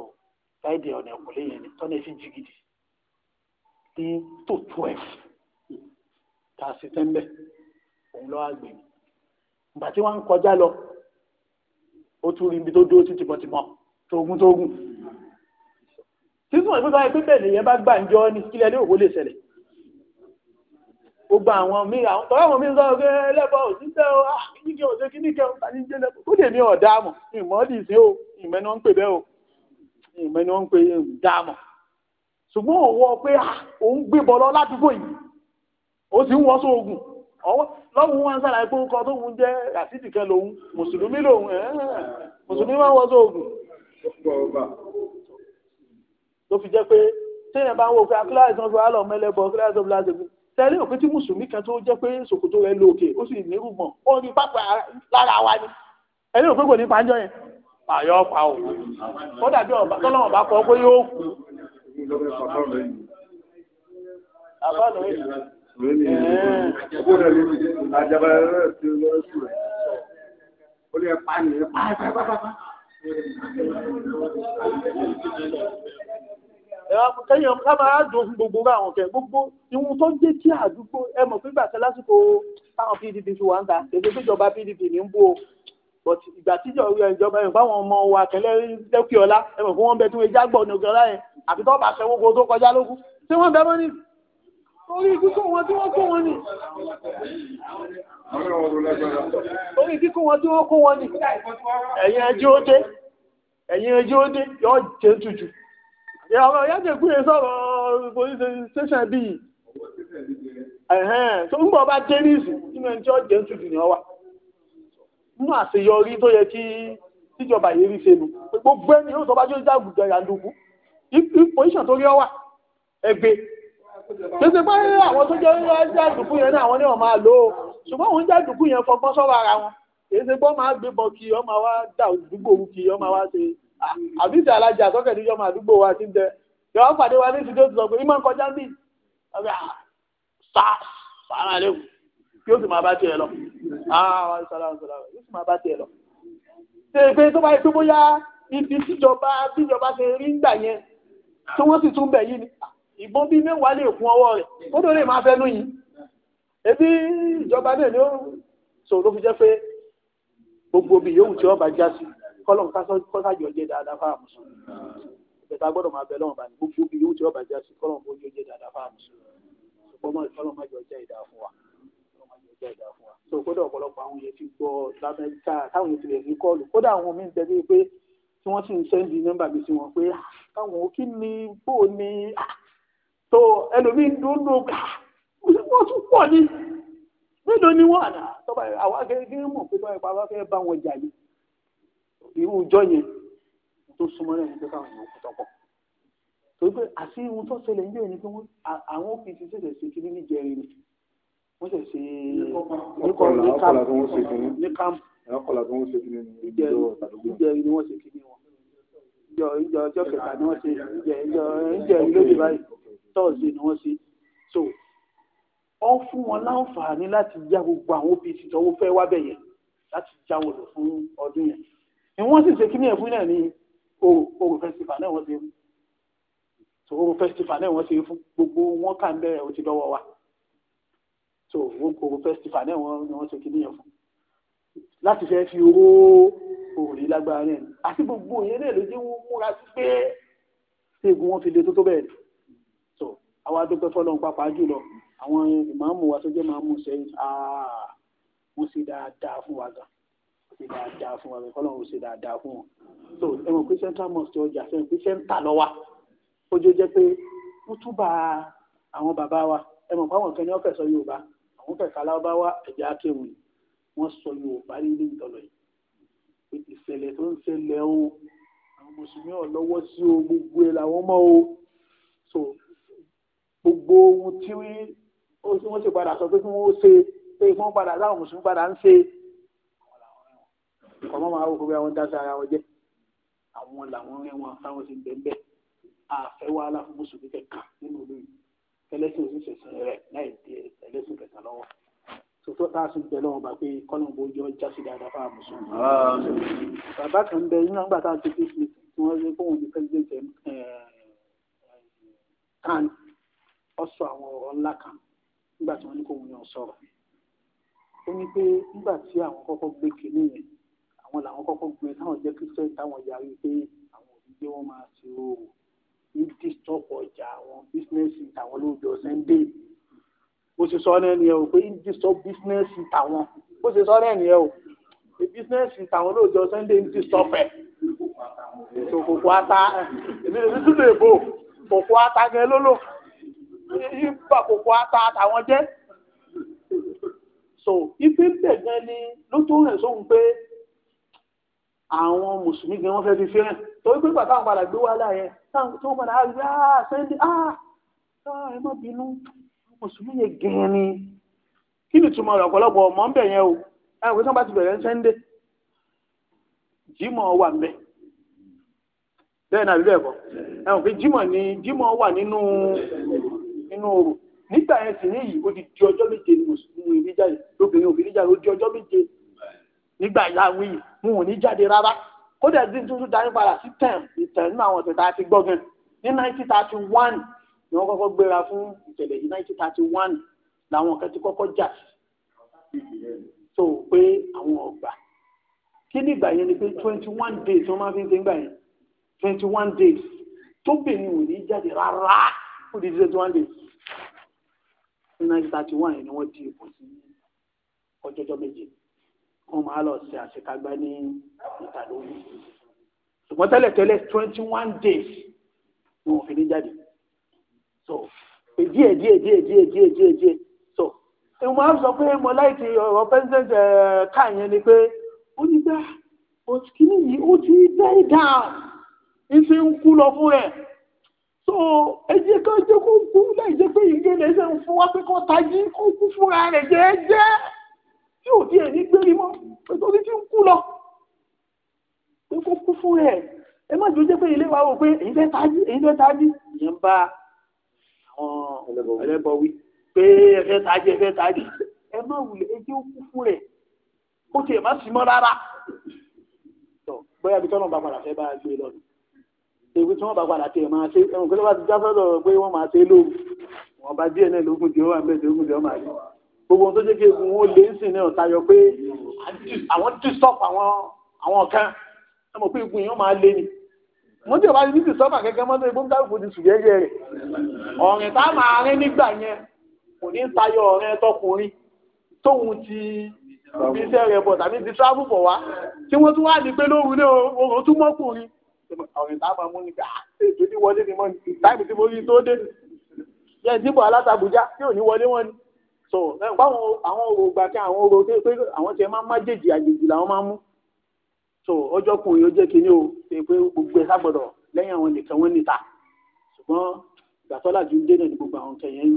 láìdè ọ̀nà ìkùnlé yẹn ni tọ́nà fi jigidi ní tó twelve tá a sì tẹ́ńbẹ̀ òun lọ́wọ́ àgbẹ̀ mi ìgbà tí wọ́n ń kọjá lọ ó tún rí ibi tó dúró títí bọ́tìmọ́ tógún tógún títún ìpínlẹ̀ báyìí pípẹ́ nìyẹn bá gbà ń jọ ní kílẹ̀ ní òwò lè ṣẹlẹ̀ ó gba àwọn míì àwọn tọ́lá àwọn míì sọ́wọ́ pé ẹlẹ́bọ̀ òṣìṣẹ́ o kíníkẹ́ òṣèkíníkẹ́ òṣèkíníkẹ́ ó lè ní ọ̀dá mọ̀ ìmọ̀ọ́dì sí o ìmẹ́ná ń pè bẹ́ẹ̀ o ìmọ̀ ni wọ́n ń pè dáàmọ̀ ṣùgbọ́n ọwọ́ pé ah, òun gbé bọ́ ládùúgbò yìí ó sì ń wọ́sọ ogun lọ́wọ́n wọn sára pé orúkọ tó ń jẹ́ àtìtì kan lòun mùsùlùmí lòun mùsùlùmí máa ń wọ́sọ ogun. tó fi jẹ́ pé téèyàn bá ń wo pé akíláàsì ah, tó fi wá lọ mẹ́lẹ́bọ̀ akíláàsì tó fi láti gbé tẹ́lẹ̀ òpin tí mùsùlùmí kan tó jẹ́ pé ṣòkòtò rẹ̀ lókè ó sì nírùmọ̀ ó ní pápá lára wa ni ẹ̀rí pa yọ pa o ó dàbí ọba tọ́lọ́wọ́n bá kọ́ pé yóò kú. àbálò yìí. ó lè pa ni ẹ pa pa pa pa. Kẹ́yìn ọmọ ká máa dùn fún gbogbo àwọn kẹ gbogbo ìwọ̀n tó ń jẹ́ kí àdúgbò ẹ mọ̀ pé lásìkò táwọn PDP fi wà ń ta èdè tó jọba PDP ní ń bú o but ìgbà tíjọ ìjọba yẹn fáwọn ọmọ wa kẹlẹ lẹkì ọlá ẹ mọ̀ fún wọn bẹ tí wọn já gbọ́ ní ọ̀gá yẹn àfi tó bá fẹ́ wọ́n kó tó kọjá lókun tí wọ́n bẹ mọ́ ní orí kíkó wọn tí wọ́n kó wọn ní. orí kíkó wọn tí wọ́n kó wọn ní. ẹ̀yin ẹjẹ́ ó dé ẹ̀yin ẹjẹ́ ó dé yọ jẹ́ tutù. ìyàwó yàtọ̀ ìpínlẹ̀ sọ̀rọ̀ police station bíi. tó ń bọ̀ bá dé ní ìsìn nínú nínú àṣeyọrí tó yẹ kí tíjọba yìí rí ṣe nù gbogbo ẹni yóò sọ bá jẹ́ jàgùdà yàndùkú pòṣíṣàn tó rí ọ wà ẹgbẹ́ gbèsè bá rí àwọn tó jẹ́ jàgùdùkú yẹn náà àwọn ní wọn máa lò ó ṣùgbọ́n òun jàgùdùkú yẹn fọgbọ́n sọ́wọ́ ara wọn èsè bọ́ máa gbé bọ kí ọmọ wa dà àdúgbò kí ọmọ wa ṣe àbíṣe alájà sọ́kẹ̀ níjọba àdúgbò wa ti ń dẹ yọ wá pàdé wa ní ìsìndó ti sọ pé ìmọ̀ kọjá ń bì sàrà lẹ́wù kí ó sì máa bá tiẹ̀ lọ àwọn ìṣọ̀lá ìṣọ̀lá yóò sì máa bá tiẹ̀ lọ. ṣé pé tó bá yẹ pé bóyá ibi tíjọba tíjọba ṣe rí ńgbà yẹn tí wọ́n sì tún bẹ̀ yìí ni ìbọn bíi mẹ́wàá lè kún ọwọ́ rẹ̀ ó tó lè máa fẹ́nu yìí. ebi ìjọba náà ni ó sòrò fi jẹ́ pé gbogbo ibi yòówù tí ọba já sí kọ́lọ̀ kọ́sájọ jẹ́ dáadáa fáwọn mùsùlùmí ìbẹ̀tà gbọ́dọ̀ máa bẹ̀ lọ́wọ́ bá ní gbogbo ibi yòówù tí ọba já sí kọ́lọ̀ kó jẹ́ dáadáa fáwọn mùsùlùmí ṣùgbọ́n mọ́ ìfọ́lọ́ ìjà fún wa so kódà ọ̀pọ̀lọpọ̀ àwọn yẹn ti gbọ́ lamẹ́ríkà táwọn yẹn ti lè rí kọ́ọ̀lù kódà àwọn míì bẹ́ẹ̀ bíi pé tí wọ́n sì ń sẹ́ndì nọ́mbà mi sí wọn pé ah, káwọn kí ni bó ni ah, tó ẹlòmíì ń dúró ah, wọ́n tún pọ̀ ní mélòó ni wọ́n àná tọ́ba àwọn akẹ́kẹ́ mọ̀ pé tọ́ba ìpàgọ́ fẹ́ bá wọn jà yìí irú ìjọ yẹn tó súnmọ́ náà ní pé káwọn èèyàn kú tọ́pọ̀ torí pé àti ohun tó ṣẹlẹ̀ ń bẹ̀rẹ̀ ni pé àwọn òfin ti ṣẹ̀ṣẹ̀ ṣe kiri níjẹrin ni wọ́n sì ṣe ní kámù ìjẹrin ìjẹrin ni wọ́n ṣe kíní wọn ìjọ ọjọ́ kẹta ni wọ́n ṣe ìjẹ ìjọ ìjẹrin báyìí tọ́ọ̀sì ni wọ́n ṣe so wọ́n fún wọn láǹfààní láti já gbogbo àwọn OPC tọ́wọ́ fẹ́ wá bẹ̀yẹn láti jáwò lò fún ọdún yẹn ni wọ́n sì ṣe kíní ẹ̀ náà ní oru festival náà wọ́n ṣe fún oru festival náà wọ́n ṣe fún gbogbo wọn kà ń bẹ̀rẹ̀ ó wa so owó koro festival náà wọ́n wọ́n ṣe kí nìyẹn fún láti fẹ́ fi owó òòrè lágbára náà àti gbogbo ìyẹn náà ló jẹ́ wọ́n múra sí pé ṣéègùn wọn fi le tó tó bẹ́ẹ̀ dùn so àwa adúpẹ́ fọlọ́n pàápàá jùlọ àwọn ìmáàmù wa tó jẹ́ máàmù sẹ́yìn wọ́n ṣe dáadáa fún wa gan wọ́n ṣe dáadáa fún wa gan kọ́lọ́n ò ṣe dáadáa fún wọn so ẹ mọ̀ pé central mosque ọjà fẹ́ pé central lọ́wà ó jẹ́ pé wọ́n túbà àwọn bàbá wa ẹ mọ̀ pé àwọn kan ní ọ́fẹ́ sọ Yorùbá àwọn kẹ̀kẹ́ alábáwá ẹ̀jẹ̀ akéwì wọ́n sọ yorùbá nílé ìtọ́lọ̀ yìí ìṣẹ̀lẹ̀ tó ń ṣẹlẹ̀ o àwọn mùsùlùmí ọ̀lọ́wọ́ sí o gbogbo ẹ̀ làwọn mọ́ o so gbogbo ohun tí wọ́n ṣe padà sọ pé kí wọ́n ṣe pé kí wọ́n padà láwọn mùsùlùmí padà ń ṣe ọmọ máa wò pé àwọn dáṣà ara wọn jẹ àwọn làwọn rẹ wọn àtàwọn sì ń bẹ́ẹ̀ bẹ́ẹ̀ àfẹ́wàhálà fún mùsùlùmí kẹ̀kà nínú olóyìn tẹlẹsìn oṣù ṣẹṣin rẹ láì di ẹlẹsìn kẹta lọ́wọ́ sọtọ tá a sì bẹ lọ́wọ́ bá pé kọlọn jọ jásí dáadáa fáwọn mùsùlùmí. bàbá kan bẹ nínú àgbà tá a ti fi sí tí wọn ṣe fóun ní pẹsidẹnti eh, eh, kan ọsọ àwọn ọ̀rọ̀ ńlá kan nígbà tí wọn ní kóun yàn sọ̀rọ̀ ó ní pé nígbà tí àwọn kọ́kọ́ gbé kínní yẹn àwọn làwọn kọ́kọ́ gbé táwọn jẹ kristian táwọn yarí pé àwọn òbí gbé wọn máa ṣe oòrùn ní distop ọjà àwọn bísínẹsì pẹ̀lú ìjọ sẹ́ńdé bó ṣe sọ náà nìyẹn o pé ń disturb bísínẹ́sì tàwọn bó ṣe sọ náà nìyẹn o pé bísínẹ́sì tàwọn lóòjọ sẹ́ńdé ń disturb ẹ̀ tòkòkò ata èmi lè tún lè bò kòkò ata gẹ lólò ìgbà kòkò ata àtàwọn jẹ́ so ife bẹ̀ gan ni ló tó rẹ̀ sóhun pé àwọn mùsùlùmí gan wọ́n fẹ́ fi fẹ́ràn torí pé bàtà àwọn padà gbé wá láàyè táwọn padà á rí ah sẹ́ńdé ah. Ah, ẹ má bínú mùsùlùmí yẹn gan ni kí ni túmọ̀ rẹ̀ ọ̀pọ̀lọpọ̀ ọmọ ń bẹ̀ yẹn o ẹ wò sábà ti bẹ̀rẹ̀ sẹ́ńdẹ̀ jímọ̀ wà ń bẹ̀ bẹ́ẹ̀ náà bíbẹ̀ kọ́ ẹ wò pé jímọ̀ ni jímọ̀ wà nínú nínú oòrùn nígbà yẹn sì níyì ó ti di ọjọ́ méje ni mùsùlùmí ìbíjà yìí lóbìnrin òbíjà yìí ó di ọjọ́ méje nígbà yà wí yìí wọn ò ní jáde rárá kódà dídúdú darí padà sí tẹ̀m ìtẹ̀m nínú àwọn ọ̀sẹ̀ tá a ti gbọ́ gan ní nineteen thirty one ni wọ́n kọ́kọ́ gbéra fún ìṣẹ̀lẹ̀ yìí nineteen thirty one làwọn kan ti kọ́kọ́ jà so pé àwọn ọgbà kí ní ìgbà yẹn ni pé twenty one days wọ́n máa fi ń ṣe ń gbà yẹn twenty one days tóbìnrin ò ní jáde rárá ó di twenty one days nineteen thirty one yẹn ni wọ́n di ipò sí ọjọ́jọ́ méje wọ́n máa lọ ṣe àṣekágbá ní ìtàlóyún ṣùgbọ́n tẹ́lẹ̀tẹ́lẹ̀ twenty one days wọn ò fi ní jáde díẹ̀ díẹ̀ díẹ̀ díẹ̀ díẹ̀ díẹ̀ díẹ̀ so ìmọ̀ á sọ pé mo láìkí ọ̀rọ̀ pẹ́sidẹ́ntì ẹ̀ eh, ká yẹn ni pé ó ní bá but kìíní yìí ó ti die down ń fi ń kú lọ fún ẹ̀ so ẹ jẹ́ ká jẹ́ kó kú láì jẹ́ pé ìgbé rẹ̀ ṣe ń fún wa pé kó tají kó kú fúnra rẹ̀ jẹ́ẹ́jẹ́ tí ò tiẹ̀ ní gbérí mọ́ pé torí ti ń kú lọ pé kó kú fúnra ẹ̀ ẹ má jọ jẹ́ pé ilé wa wò pé èyí fẹ́ tají èyí fẹ́ tají ìyẹn bá a àwọn ẹlẹ́bọ̀ wí pé ẹ fẹ́ tají ẹ fẹ́ tají ẹ má wulẹ̀ ẹjẹ́ ó fún rẹ̀ ó tiẹ̀ má sì mọ́ rárá bóyá ibi tí wọn bá padà fẹ́ bá gbé lọ ibi tí wọn bá padà tiẹ̀ máa ṣe ẹ̀wọ̀n kí ti já sọ́dọ̀ pé wọ́n máa ṣe lóru wọn bá díẹ̀ náà lókun tí ó wà ń bẹ̀ tí ókun tí ó máa ṣe gbogbo ohun tó jẹ́ kí egun ó lé ń sìn náà tayọ pé àwọn tí stop àwọn àwọn kan ẹ mọ̀ pé egun yìí máa lé ni wọ́n tí ọba ibi ti sọ́mà kẹ́kẹ́ mọ́tò ìbọn dárúkọ ti sùn jẹ́jẹ́ rẹ̀ ọ̀rìn tá máa rìn nígbà yẹn kò ní tayọ ọ̀rìn tọkùnrin tóun ti ibi iṣẹ́ rẹ̀ bọ̀ tàbí ti travel bọ̀ wá tí wọ́n tún wá ní pé lóru ní oòrùn tún mọ́kùnrin ọ̀rìn tá máa mú ní ká ah, ètò ní wọlé ni mọ́ni táìmù tí mo rí tó dé yẹn tí bọ̀ alátàbújá tí ò ní wọlé wọn ni so báwọn àwọn òògbà kí àwọn òògbà pé àwọn tiẹ̀ máa má jèjì àjèjì làwọn máa mú so ọjọ́ kun yóò jẹ́ kínní o pé gbogbo ẹ̀ ságbọ́dọ̀ lẹ́yìn àwọn nìkan wọ́n níta ṣùgbọ́n ìgbàsọ́là ju dé náà ní gbogbo àwọn kẹyìn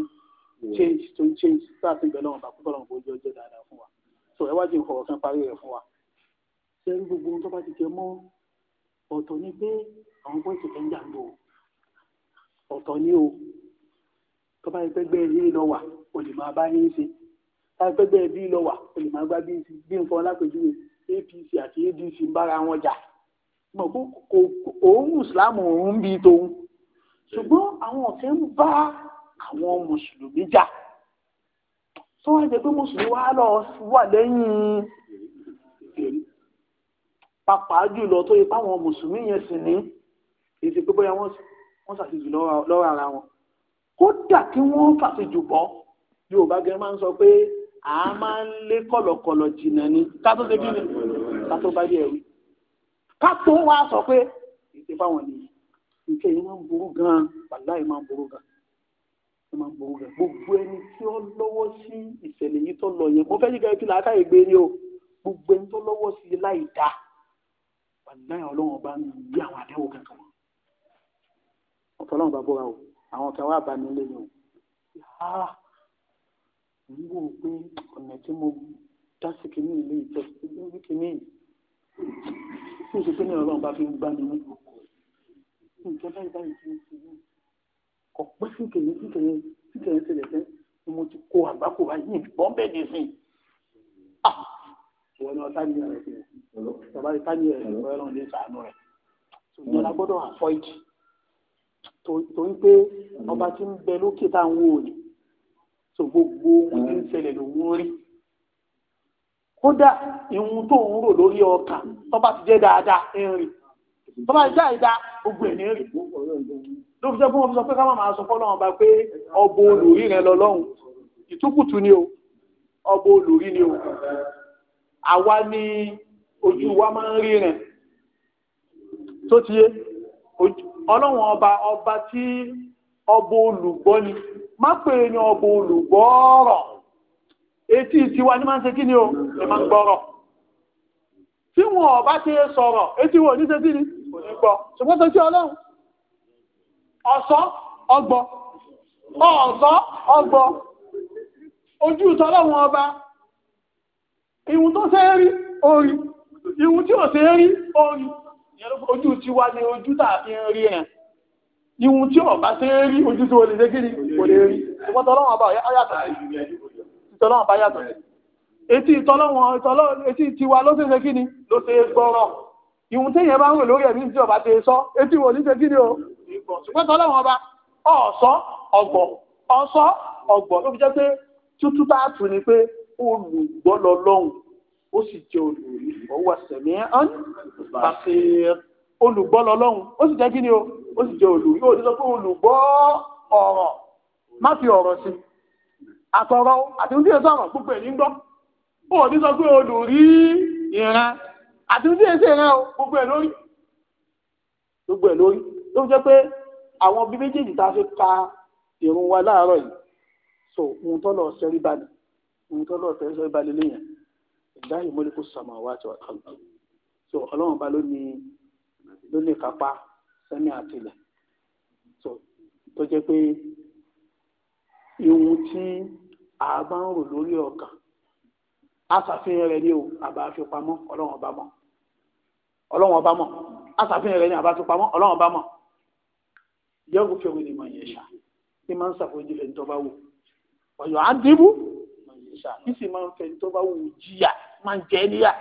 change tó ń change sáà ti bẹ̀rẹ̀ wọn bá púpọ̀ lọ́wọ́ bójú ọjọ́ dáadáa fún wa so ẹ wá jẹ́ ìfọwọ́ kan parí rẹ̀ fún wa. sẹ́rí gbogbo ohun tó bá ti jẹ mọ́ ọ̀tọ̀ ni pé àwọn pọ́ǹsì kan jà ń lò ọ̀tọ̀ ni o tó bá yẹ pé gbẹ́ ẹ̀rí lọ wà o lè máa bá yín ṣe tá pẹ́ gbẹ́ bí ń fọ́ apc àti adc ń bára wọn jà mọ̀ pé kò òórùn islam òun bíi tòun ṣùgbọ́n àwọn ọ̀tẹ̀ ń bá àwọn mùsùlùmí jà tó wá jẹ́ pé mùsùlùmí wá lọ wà lẹ́yìn pàápàá jùlọ tó yẹ páwọn mùsùlùmí yẹn sì ní èsì pé bóyá wọ́n ṣàṣejù lọ́wọ́ ara wọn kódà kí wọ́n fàṣejù bọ́ yorùbá gẹ́gẹ́ máa ń sọ pé a máa ń lé kọ̀lọ̀kọ̀lọ̀ jìnnà ni ká tó ṣe kíni ká tó bá yẹ ẹ̀rí ká tó wá sọ pé ètè fáwọn nìyí nǹkan yìí máa ń burú gan-an wàhálà yìí máa ń burú gan-an ẹ máa ń ború rẹ gbogbo ẹni tí ó lọ́wọ́ sí ìṣẹ̀lẹ̀ yìí tó lọ yẹn mo fẹ́ yíga ẹbí làákà ìgbé ni o gbogbo ẹni tó lọ́wọ́ sí i láì dá wàlúùdáyà ọlọ́run ọba ń gbé àwọn àdéhùn kankan ọ̀tọ̀ ọlọ́run bá bóra o àwọn kan ń wò ó pé ọ̀nà tí mo dá sí kínní ilé ìtọ́ sí kínní yìí ní ìṣe pé ní ọlọ́run bá fi ń gbá mi ní nǹkan báyìí báyìí ti ń ṣe yìí kò pẹ́ sí kìnní sí kìnní sí kìnní ṣẹlẹ̀ fẹ́ ni mo ti kó àgbákò wa yìí bọ́n bẹ́ẹ̀ ní sìn ìwọ ni ọ̀tá ni ẹ̀rẹ̀ sí bàbá ìta ni ẹ̀rẹ̀ sí ọ̀rẹ́ náà lè sàánú rẹ̀ ṣùgbọ́n la gbọ́dọ̀ àfọ́ ìjì torí pé ọba tí ń bẹ lókè tá wò ní so gbogbo ohun tí ń ṣẹlẹ̀ lòun rí kódà ìhun tó ń rò lórí ọkà tó bá ti jẹ́ dáadáa ń rìn tó bá ti jẹ́ àìdá gbogbo ẹ̀ ní rìn ló fi jẹ́ fún wọn fi sọ pé ká má máa sọ fọ́lọ́run bá pé ọbọ olùrí rẹ lọ lọ́hùn ìtúkùtù ni o ọbọ olùrí ni o àwa ni ojú wa máa ń rí rẹ tó ti yé ọlọ́run ọba ọba tí ọbọ olùgbọ́ ni má pè é ní ọbọ olùgbọ́ọ̀rọ̀ etí tiwa ni máa ń ṣe kí ni o ẹ máa ń gbọ́rọ̀ tí wọn ọba ti sọ̀rọ̀ etí wọn ní ṣe ni kò ní gbọ́ ṣùgbọ́n tó ṣe ọlọ́run ọgbọ́ ọ̀sọ́ ọgbọ́ ojú tọ́lọ́run ọba ìhun tó ṣe rí orí ìhun tí ò ṣe rí orí ojú tiwa ni ojú tàbí rí ẹ̀ ìhun tí ọba ṣe é rí ojú tí o lè ṣe kí ni kò lè rí ṣùgbọ́n tọ́lọ́wọ́n ọba yàtọ̀ sí tọ́lọ́wọ́n ọba yàtọ̀ sí etí tọ́lọ́wọ́n etí tiwa ló ṣe ṣe kí ni ló ṣe é gbọ́rọ̀ ìhun tí yẹn bá ń rò lórí ẹ̀mí tí ọba ṣe é sọ etí wo ní ṣe kí ni o ṣùgbọ́n tọ́lọ́wọ́n ọba ọ̀sọ́ ọgbọ̀ ọ̀sọ́ ọgbọ̀ ló fi jẹ́ pé tútú tá a tù ni pé olùgbọ́ lọ lọ́hùn ó sì jẹ́ olùrí ọwọ́ sẹ̀mí olùgbọ́ lọ́lọ́run ó sì jẹ́ kí ni o ó sì jẹ́ olù yóò sọ pé olùgbọ́ ọ̀rọ̀ má fi ọ̀rọ̀ sí àtọ̀rọ̀ àti ní èso ọ̀rọ̀ gbogbo ẹ̀yìn gbọ́ ó ní sọ pé olùrí ìran àti ní èso ìran o gbogbo ẹ̀ lórí gbogbo ẹ̀ lórí ló fi jẹ́ pé àwọn bí méjèèjì tá a fi ka ìrun wa láàárọ̀ yìí so ohun tó lọ sẹ́rí balẹ̀ ohun tó lọ sẹ́rí balẹ̀ lẹ́yìn ìdáhìí mọ́lẹ́kù sàmáwá àti wàkàlù so ọlọ́run ba ló ní ló lè kápá sẹ́mi àtìlẹ̀ tó jẹ́ pé ihun tí a bá ń rò lórí ọkàn aṣàfihàn rẹ̀ ni o àbá fi pamọ́ ọlọ́wọ́n bá mọ̀ ọlọ́wọ́n bá mọ̀ aṣàfihàn rẹ̀ ni àbá fi pamọ́ ọlọ́wọ́n bá mọ̀ yẹ́wò fẹ́ wọ́n ni mọ̀ yẹn ṣá ní máa ń ṣàforíjì fẹ́ ní bá wù ọ̀yọ́ á dìbò mọ̀ yẹn ṣá ní sì máa ń fẹ́ ní bá wù jìyà máa ń jẹ́ níyà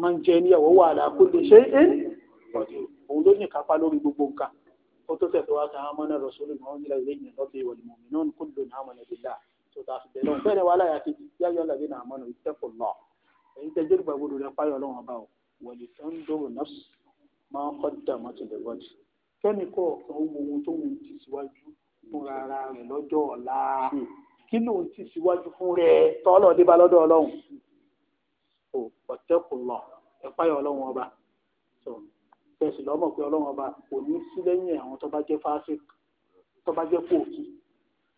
máa ń jẹ́ níyà wọ́wọ́ àdá lè ṣe é ọ̀dẹ̀ òun ló ní ìkápá lórí gbogbo nǹkan ó tó tẹ̀ tó wá sàn án mọ́nà rọ̀ṣọ́lù mọ́ ní ilẹ̀ ìyẹn lọ́bẹ̀ ìwọ̀lì mọ̀mí náà ní kúlò náà mọ̀nà ìdílà tó ta fi bẹ̀rẹ̀ bẹ́ẹ̀ ni wàhálà yà ti yáyọ làbí náà mọ̀nà ìtẹ́kọ̀ lọ èyí tẹ́ jẹ́rìgbà gbọdọ̀ rẹ páyọ̀ lọ́wọ́n bá o wọ̀lì tó ń dòwò nọ́ọ̀sì máa ń kọ́ dà mọ́ tìlẹ̀ bọ́dì kẹ́ni kọ̀ọ̀kan ó wo ohun tó ń ti síwájú fúnra ara rẹ̀ lọ́jọ́ ọ̀la kí ló ń ti síwájú fún rẹ̀ tọ́lọ̀ débá lọ́dọ̀ ọlọ́run ò bẹ́sì lọ́mọ̀ pé ọlọ́run ọba kò ní sí lẹ́yìn àwọn tó bá jẹ́ fásik tó bá jẹ́ pòkì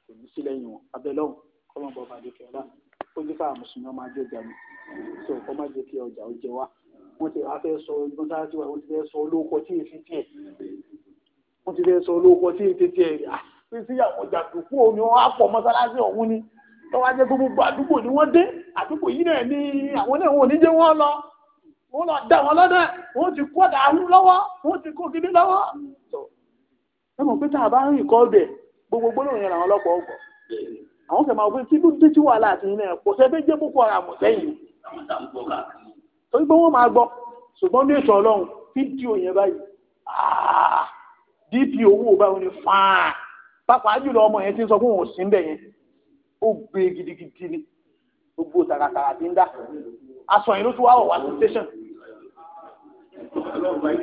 kò ní sí lẹ́yìn wọn abẹ́lọ́hùn kọ́mọ̀ bọ́ bá dé fẹ́ọ́lá ó ní káà mùsùlùmí ọmọ ajé ọjà mi sọ kọ́ má jẹ́ kí ọjà ó jẹ wá wọ́n ti wá fẹ́ sọ ìbọn sára tí wọ́n ti fẹ́ sọ olóko tí èsì tiẹ̀ wọ́n ti fẹ́ sọ olóko tí èsì tiẹ̀ fi àwọn jàdùkú omi wọn á ni tọ́wọ́ ajẹ́ gbogbo ni wọ́n dé àdúgbò ni àwọn náà wọ́n lọ dá wọn lọ́dẹ̀ wọ́n ti kó dàánú lọ́wọ́ wọ́n ti kó gidi lọ́wọ́. ẹ mọ̀ pé tá a bá ń rìn kọ́ ọbẹ̀ gbogbo gbólóhùn yẹn làwọn ọlọ́pàá ọgbọ̀ àwọn kẹ̀ máa wọ́n tí ló dé tí wàhálà àti yín náà pọ̀ sẹ́ẹ́ bẹ́ẹ̀ jẹ́ boko haram sẹ́yìn. torí pé wọ́n máa gbọ́ ṣùgbọ́n ní ètò ọlọ́run fídíò yẹn báyìí dp owó báyìí ni fáà pàápàá jùlọ ọmọ yẹn ti ń sọ fún òun sí bẹ́ẹ̀ yẹn ó gbé gidigidi ni gbogbo tàràtàrà ti ń dá aṣọ yẹn ló tún wá wọ̀ wá sí tẹ̀sán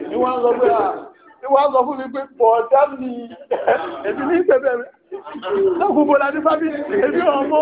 ni wọ́n sọ pé à ah, ni wọ́n sọ fún mi pé bọ̀ọ̀dá mi èmi ní ìpẹ́bẹ̀ rẹ̀ lọ́kùn bó la ní fábílì èmi ọmọ.